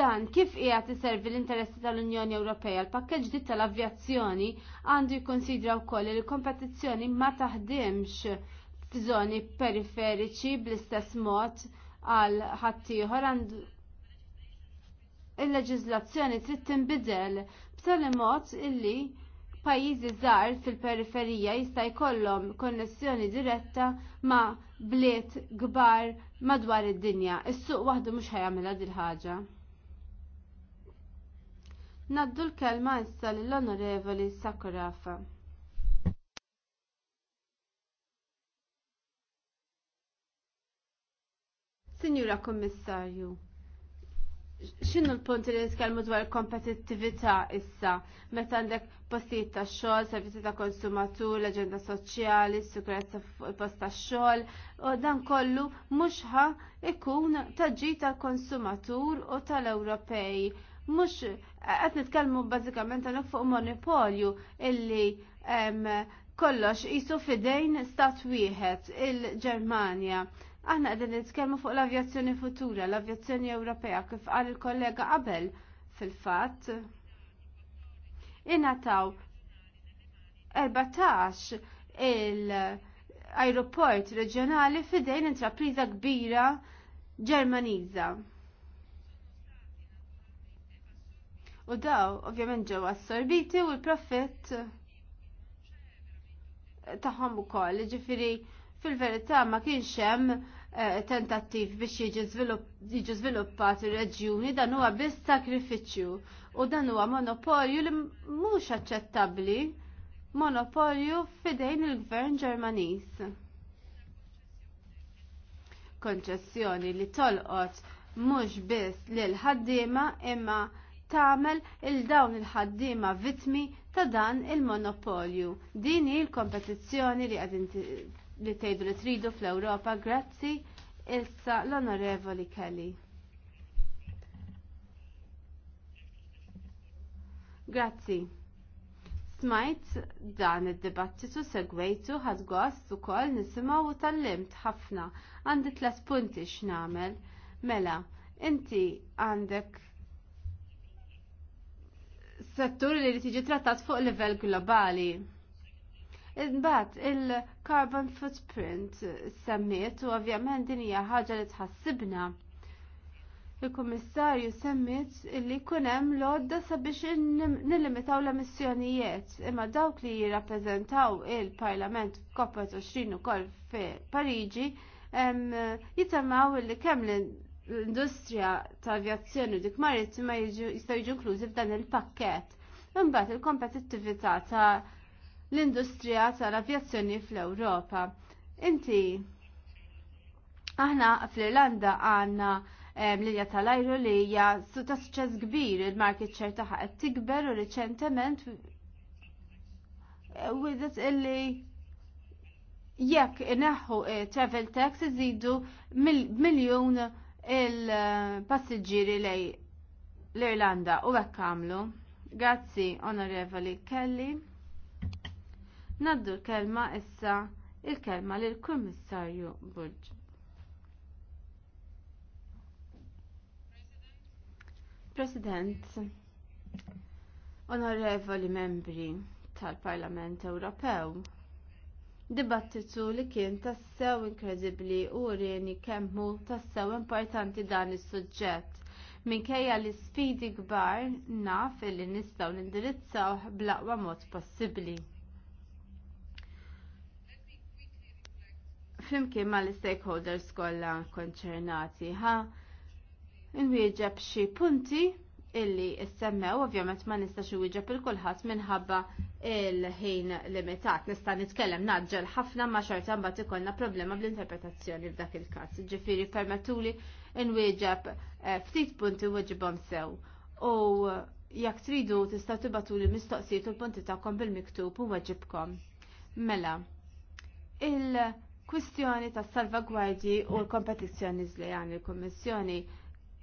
dan kif hija tiservi l-interessi tal-Unjoni Ewropea l-pakkeġġ dit tal-avjazzjoni għandu jikkonsidra wkoll li l-kompetizzjoni ma taħdimx f'żoni periferiċi bl-istess mod għal ħaddieħor għandu il-leġizlazzjoni trid tinbidel b'tali mod illi pajjiżi żgħar fil-periferija jista' jkollhom konnessjoni diretta ma' bliet kbar madwar id-dinja. Is-suq waħdu mhux ħajamilha din ħaġa. Naddu l-kelma issa lill-Onorevoli Sakurafa. Signora Kommissarju, xinnu l-punti li nitkellmu dwar kompetittività issa, meta għandek postijiet ta' xogħol, servizzi ta' konsumatur, l-aġenda soċjali, sikurezza fuq il-post ta' xogħol, u dan kollu mhux ħa ikun taġġi tal-konsumatur u tal-Ewropej. Mhux qed nitkellmu bażikament għandek fuq monopolju illi kollox qisu fidejn stat wieħed il-Ġermanja Aħna għedin nitkellmu fuq l-avjazzjoni futura, l-avjazzjoni Ewropea kif qal il-kollega qabel fil-fatt. Inataw 14 il-aeroport reġjonali fidejn intrapriża kbira Ġermaniża. U daw ovvjament ġew assorbiti u l-profitt tagħhom ukoll, ġifieri Fil-verità ma kienx hemm eh, tentattiv biex jiġi żviluppat ir-reġjuni dan huwa biss sakrifiċċju u dan huwa monopolju li mhux aċċettabbli monopolju fidejn il-Gvern Ġermaniż. Konċessjoni li tolqot mhux biss lil ħaddiema imma tagħmel il dawn il-ħaddiema vittmi ta' dan il-monopolju. Din hi l-kompetizzjoni li qegħdin li tgħidu li tridu fl-Ewropa, grazzi issa l-Onorevoli Kelly. Grazzi. Smajt dan id-dibattitu segwejtu ħad gost ukoll nisimgħu u limt ħafna. Għandi tlas punti x'namel. Mela, inti għandek settur li tiġi trattat fuq livell globali. Imbagħad il-carbon footprint semmiet u ovvjament din hija ħaġa li tħassibna. Il-Kummissarju semmiet li jkun hemm lodda sabiex nillimitaw l-emissjonijiet imma dawk li jirrappreżentaw il-Parlament COP20 e ukoll fi Pariġi jitemmaw li kemm l-industrija ta' avjazzjoni dik marittima jistgħu jiġu inklużi f'dan il-pakkett. Imbagħad il-kompetittività ta' l-industrija tal-avjazzjoni fl-Ewropa. Inti, aħna fl-Irlanda għanna l-linja tal-ajru li hija ta' suċċess kbir, il-market share tagħha qed tikber u riċentement wiedet illi jekk ineħħu travel tax iżidu miljun il-passiġġieri lej l-Irlanda u hekk għamlu. Grazzi, onorevoli Kelly. Naddu l-kelma issa il-kelma lil kummissarju Bulġ. President, onorevoli membri tal-Parlament Ewropew, dibattitu li kien tassew inkredibbli u rieni kemmu tassew importanti dan is-suġġett minkejja li sfidi kbar naf li nistgħu nindirizzaw bl-aqwa mod possibbli. flimkien ma l-stakeholders kollha konċernati ha nwieġeb xi punti illi semmew ovvjament ma nistax iwieġeb il kulħadd minħabba il-ħin limitat. Nista' nitkellem naġġel ħafna ma xorta mbagħad ikollna problema bl-interpretazzjoni f'dak il-każ. Ġifieri permettuli nwieġeb eh, ftit punti weġibhom sew. U jekk tridu tista' tibatuli mistoqsijiet u l-punti tagħkom bil-miktub u weġibkom. Mela, il- kwistjoni ta' salvagwardji u l-kompetizzjoni żlejan il-Kummissjoni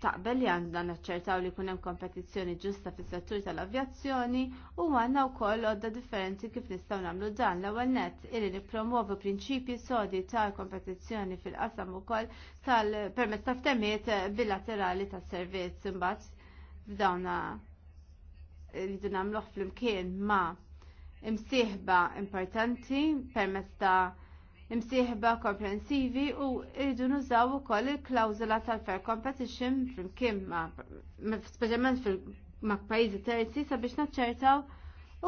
taqbel li għandna naċċertaw li kunem kompetizzjoni ġusta fis settur tal-avjazzjoni u għandna wkoll għodda differenti kif nistgħu nagħmlu dan l-ewwel nett illi nippromuovu prinċipji sodi ta' kompetizzjoni fil-qasam ukoll tal-permezz ta' ftemiet bilaterali tas servizz imbagħad f'dawna li nagħmluh flimkien ma' imsieħba importanti permezz ta' imsieħba komprensivi u irridu nużaw ukoll il-klawżola tal-fair competition flimkien ma' speċjalment ma' pajjiżi terzi sabiex naċċertaw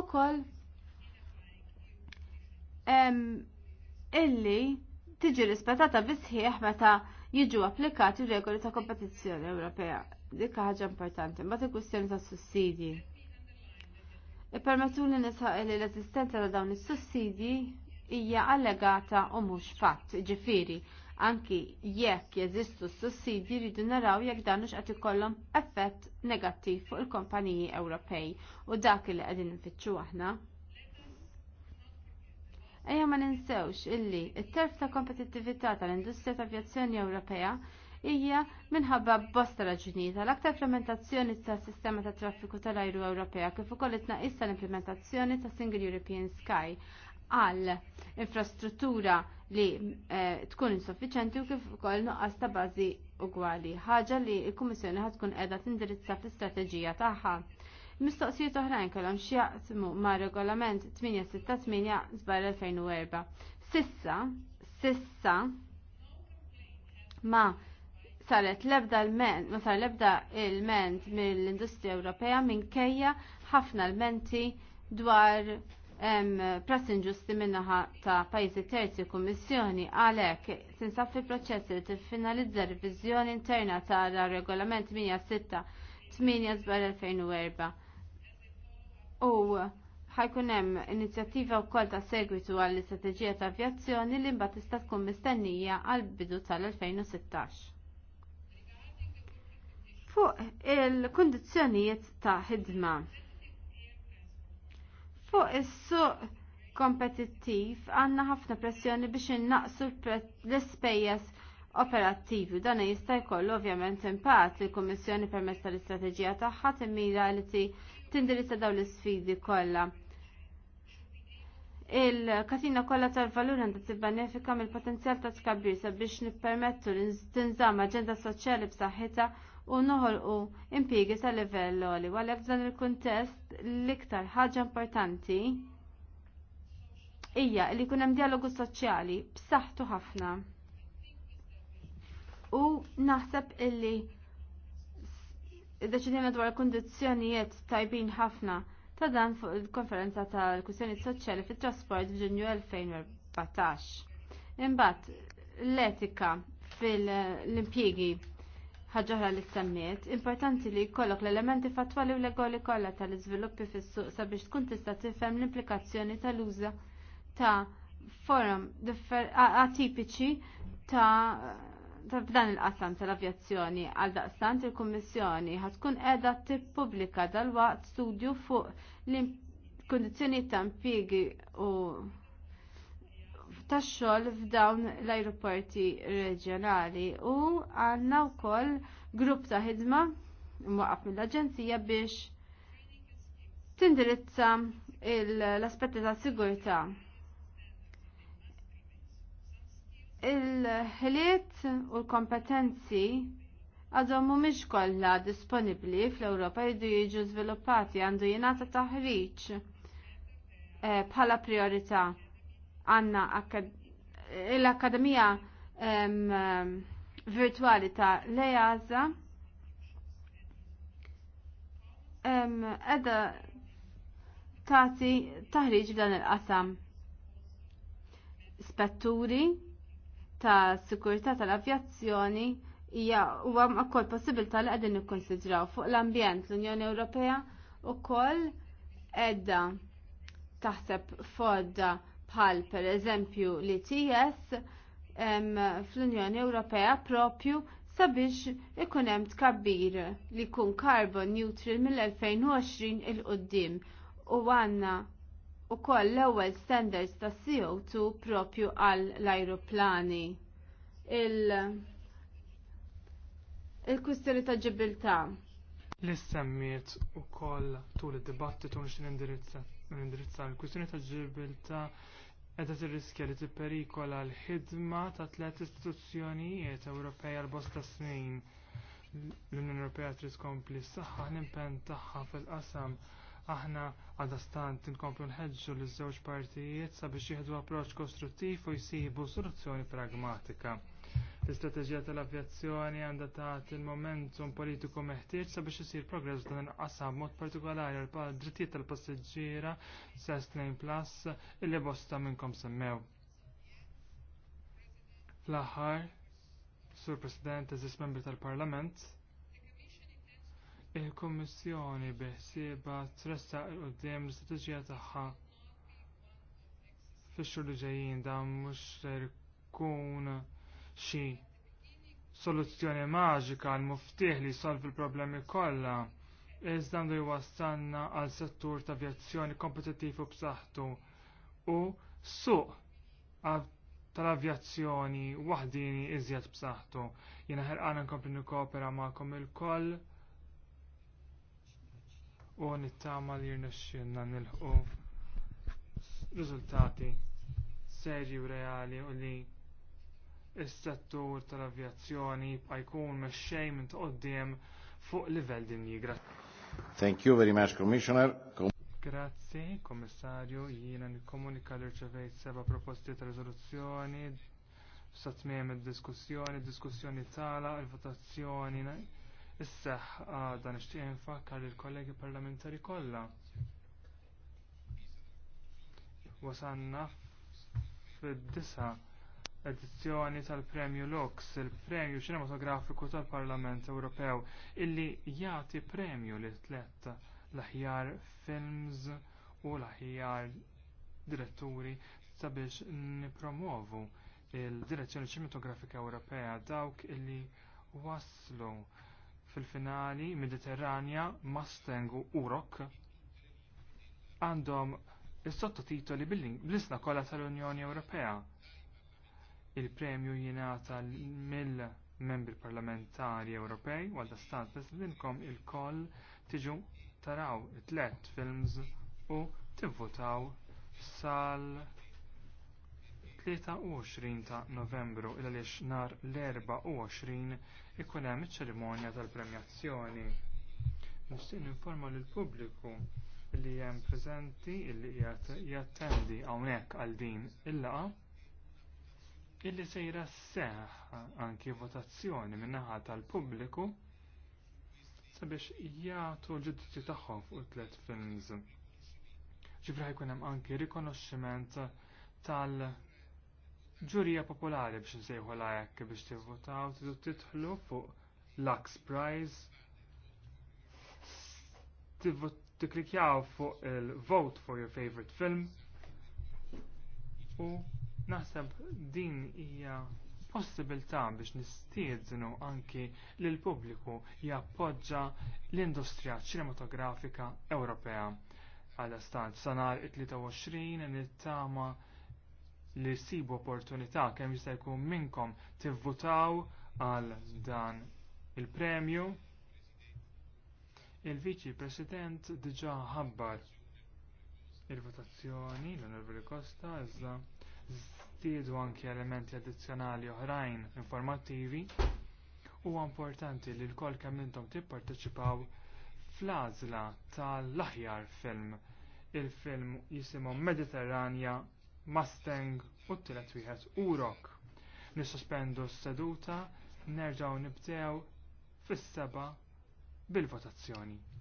ukoll illi tiġi rispettata bisħieħ meta jiġu applikati regoli ta' kompetizzjoni Ewropea. Dik ħaġa importanti, mbagħad il-kwistjoni ta' sussidji. Ippermettu li nisħaq li l-esistenza ta' dawn is-sussidji hija allegata u mhux fatt, ġifieri anki jekk jeżistu s-sussidji rridu naraw jekk dan mhux qed ikollhom effett negattiv fuq il-kumpaniji Ewropej u dak li qegħdin nfittxu aħna. Ejja ma ninsewx illi it-terf ta' kompetittività tal-industrija ta' avjazzjoni Ewropea hija minħabba bosta raġunijiet għal-aktar implementazzjoni ta' sistema ta' traffiku tal-ajru Ewropea kif ukoll it-tnaqqis tal-implementazzjoni ta' Single European Sky għal infrastruttura li eh, tkun insuffiċenti u kif ukoll nuqqas ta' bażi ugwali. Ħaġa li l-Kummissjoni ħad tkun qiegħda tindirizza fl-istrateġija tagħha. Mistoqsijiet oħrajn kellhom x'jaqsmu ma' regolament 868 żbar 2004. Sissa, sissa ma saret lebda l-ment, ma sar lebda l ment mill-Industrija Ewropea minkejja ħafna l-menti dwar hemm prass inġusti minnaħa ta' pajjiżi terzi kummissjoni għalhekk tinsab fil-proċess li tiffinalizza revizjoni interna ta' regolament 106 2004 u ħajkun hemm inizjattiva wkoll ta' segwitu għall istrateġija ta' avjazzjoni li mbagħad tista' tkun mistennija għal bidu tal-2016. Fuq il-kundizzjonijiet ta' ħidma. Fuq is-suq kompetittiv għandna ħafna pressjoni biex innaqsu l-ispejjeż operattivi. Dan jista' jkollu ovvjament impatt li l-Kummissjoni permezz tal-istrateġija tagħha timmira li tindirizza dawn l-isfidi kollha. Il-katina kollha tal-valur għandha tibbanefika mill-potenzjal ta' tkabbir sabiex nippermettu li tinżamm aġenda soċjali b'saħħitha u noħolqu impjiegi ta' livell għoli. Għalek f'dan il-kuntest l-iktar ħaġa importanti hija li jkun hemm dialogu soċjali b'saħħtu ħafna. U naħseb illi id-deċidjoni dwar kundizzjonijiet tajbin ħafna ta' dan fuq il-konferenza tal-kwistjoni soċjali fit-trasport f'Ġunju 2014. Imbagħad l-etika fil-impjiegi ħaġaħra li semmiet, importanti li jkollok l-elementi fatwali u l-egoli kollha tal-iżviluppi fis-suq sabiex tkun tista' tifhem l-implikazzjoni tal-uża ta' forum atipiċi ta' f'dan il-qasam tal-avjazzjoni għal daqstant il-Kummissjoni ħatkun qiegħda tippubblika dalwaqt studju fuq l kundizzjonijiet ta' impjiegi u tax-xogħol f'dawn l-ajruporti reġjonali u għandna wkoll grupp ta' ħidma mwaqaf mill-Aġenzija biex tindirizza l-aspetti ta' sigurtà. Il-ħiliet u l-kompetenzi għadhom mhumiex kollha disponibbli fl-Ewropa jridu jiġu żviluppati għandu jingħata taħriġ eh, bħala priorità għanna l-Akademija virtuali ta' Lejaza edha tati taħriġ dan il-qasam. Spetturi ta' sikurtà tal-avjazzjoni hija huwa wkoll possibilità li qegħdin nikkonsidraw fuq l-ambjent l-Unjoni Ewropea wkoll edda taħseb fodda bħal per eżempju li TS fl-Unjoni Ewropea propju sabiex ikun hemm tkabbir li jkun carbon neutral mill-2020 il-qoddim u għandna wkoll l-ewwel standards ta' CO2 propju għal l-ajruplani. Il il ta' ġibilta. l u ukoll tul id-dibattitu nix nindirizza l-kustjoni ta' ġibilta' edha tirriskja li tipperikola l-ħidma ta' tliet istituzzjonijiet Ewropej għal bosta snin. L-Unjoni Ewropea trid tkompli s-saħħa l-impenn tagħha fil-qasam aħna għadastant inkomplu nħeġġu l żewġ partijiet sabiex jieħdu approċċ kostruttiv u jsibu soluzzjoni pragmatika. L-istrateġija tal-avjazzjoni għandha tagħti il-momentum politiku meħtieġ sabiex isir progress dan il-qasam mod partikolari għal drittijiet tal-passiġġiera sess 2 plus illi bosta minnkom semmew. Fl-aħħar, Sur President, eżis membri tal-Parlament, il-Kommissjoni biħsieba tressa qudiem l-istrateġija tagħha fix-xhur li ġejjin dan mhux se jkun xi soluzzjoni maġika l muftiħ li jsolvi l-problemi kollha. Iżda għandu jwassanna għal settur ta' avjazzjoni kompetittiv u b'saħħtu u suq tal-avjazzjoni waħdini iżjed b'saħħtu. Jiena ħerqana nkompli nikkopera magħkom il-koll u nittama li jirnexxinna nilħu riżultati serji u reali u li is-settur tal-avjazzjoni bqa' jkun mexxej minn tqoddiem fuq livell dinji. Thank you very much, Commissioner. Grazzi, Kommissarju, jiena nikkomunika li rċevejt seba' proposti ta' riżoluzzjoni sa tmiem id-diskussjoni, diskussjoni tala, il-votazzjoni isseħ għada ah, nixtieq għal il-kollegi parlamentari kollha. Wasanna fid-disa' edizzjoni tal-Premju Lux, il-Premju Cinematografiku tal-Parlament Ewropew, illi jagħti premju li tlett l-aħjar films u l-aħjar diretturi sabiex nipromovu il-direzzjoni ċinematografika Ewropea dawk illi waslu fil-finali Mediterranja, Mustang u Urok għandhom is-sottotitoli bil-isna kollha tal-Unjoni Ewropea il-premju jingħata mill-membri parlamentari Ewropej għal dastant nistedinkom il-koll tiġu taraw it-tlet films u tivvotaw sal 23 ta' novembru il għaliex nar l-24 ikun hemm iċ-ċerimonja tal-premjazzjoni. Nixtieq informa lill pubbliku li hemm preżenti li jattendi hawnhekk għal din il-laqa illi sejra seħ anki votazzjoni min-naħa tal-pubbliku sabiex jagħtu l-ġudizzju tagħhom fuq tliet films. Ġifra jkun hemm anki rikonoxximent tal-ġurija popolari biex nsejħu lajk biex tivvotaw tidu titħlu fuq Lux Prize tiklikjaw fuq il-Vote for your favorite film u Naħseb din hija possibilità biex nistiedznu anki li l-pubbliku jappoġġa l-industrija ċinematografika Ewropea. Għal stant sanar it-23 nittama li sibu opportunità kemm jista' jkun minnkom tivvutaw għal dan il-premju. Il-Viċi President diġà ħabbar il-votazzjoni l-Onorevoli Costa iżda nistiedu anki elementi addizzjonali oħrajn informattivi huwa importanti li l-kol kemm intom tipparteċipaw fl-għażla tal-aħjar film. Il-film jisimhom Mediterranja, Mustang u t-tielet wieħed Urok. Nissospendu s-seduta, nerġgħu nibdew fis-seba' bil-votazzjoni.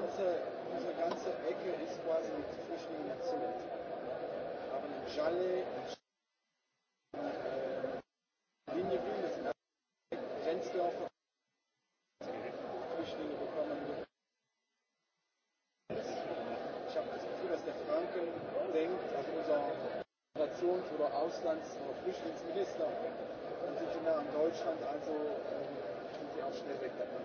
ganze, diese ganze Ecke ist quasi mit Flüchtlingen erzählt. Wir haben in Jalle, in äh, Linie Wien, das ist Grenzdörfer, Flüchtlinge bekommen. Ich habe das Gefühl, dass der Franken denkt, dass unser Migrations- oder Auslands- oder Flüchtlingsminister, und sind sie an Deutschland, also äh, sind sie auch schnell weg davon.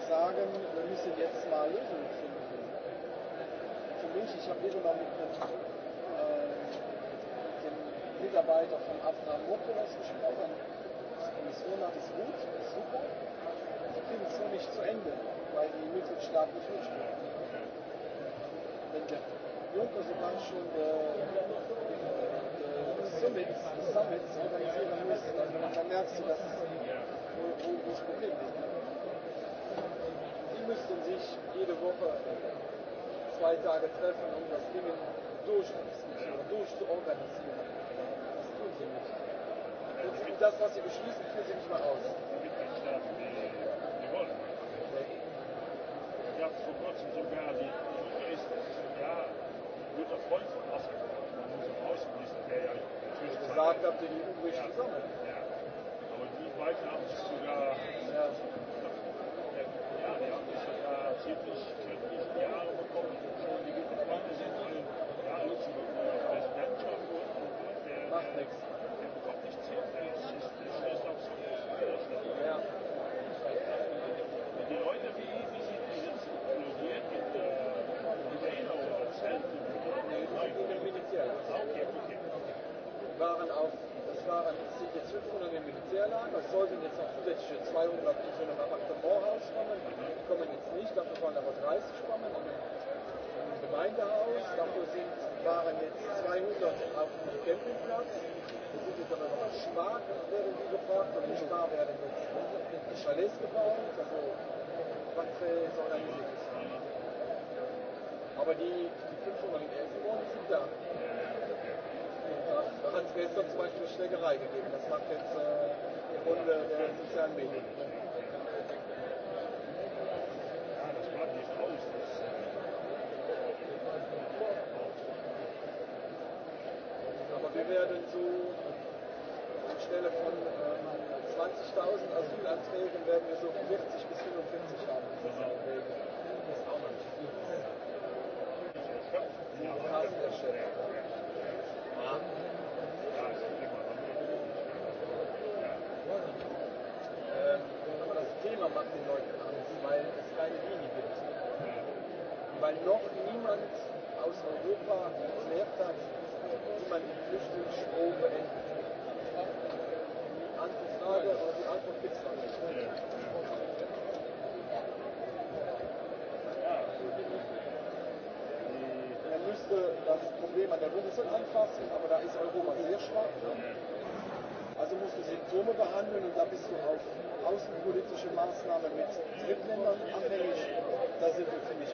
sagen, wir müssen jetzt mal Lösungen finden. Zumindest, ich habe eben mal mit einem, äh, dem Mitarbeiter von Avramopoulos gesprochen. Die Kommission hat es gut, ist super. Sie kriegen es nur nicht zu Ende, weil die Mitgliedstaaten nicht mitspielen. Wenn der Juncker sogar schon äh, äh, Summits, Summits organisieren muss, dann merkst du, dass wo, wo das Problem liegt müssten sich jede Woche zwei Tage treffen, um das Ding durchzuführen, durchzuorganisieren. Das tun sie nicht. Und das, was sie beschließen, führen sie nicht mal aus. Ich habe vor kurzem sogar die Minister, ja, guter Freund von Assad, unserem Außenminister, der ja gesagt hat, die EU-Bericht ja, zusammen. Ja, aber die beiden haben sich sogar Thanks. nicht, dafür waren aber 30 Spannen im Gemeindehaus, dafür sind, waren jetzt 200 auf dem Campingplatz, wir sind jetzt aber noch auf Spar, werden die gefragt, und in Spar werden jetzt die Chalets gebaut, also was äh, ist organisiert ist. Aber die, die 500 in Elsenborn sind da. Da hat es gestern zum Beispiel Schlägerei gegeben, das macht jetzt äh, die Runde der sozialen Medien. Papiere behandeln und da bist du auf außenpolitische Maßnahmen mit Drittländern abhängig. Da sind wir ziemlich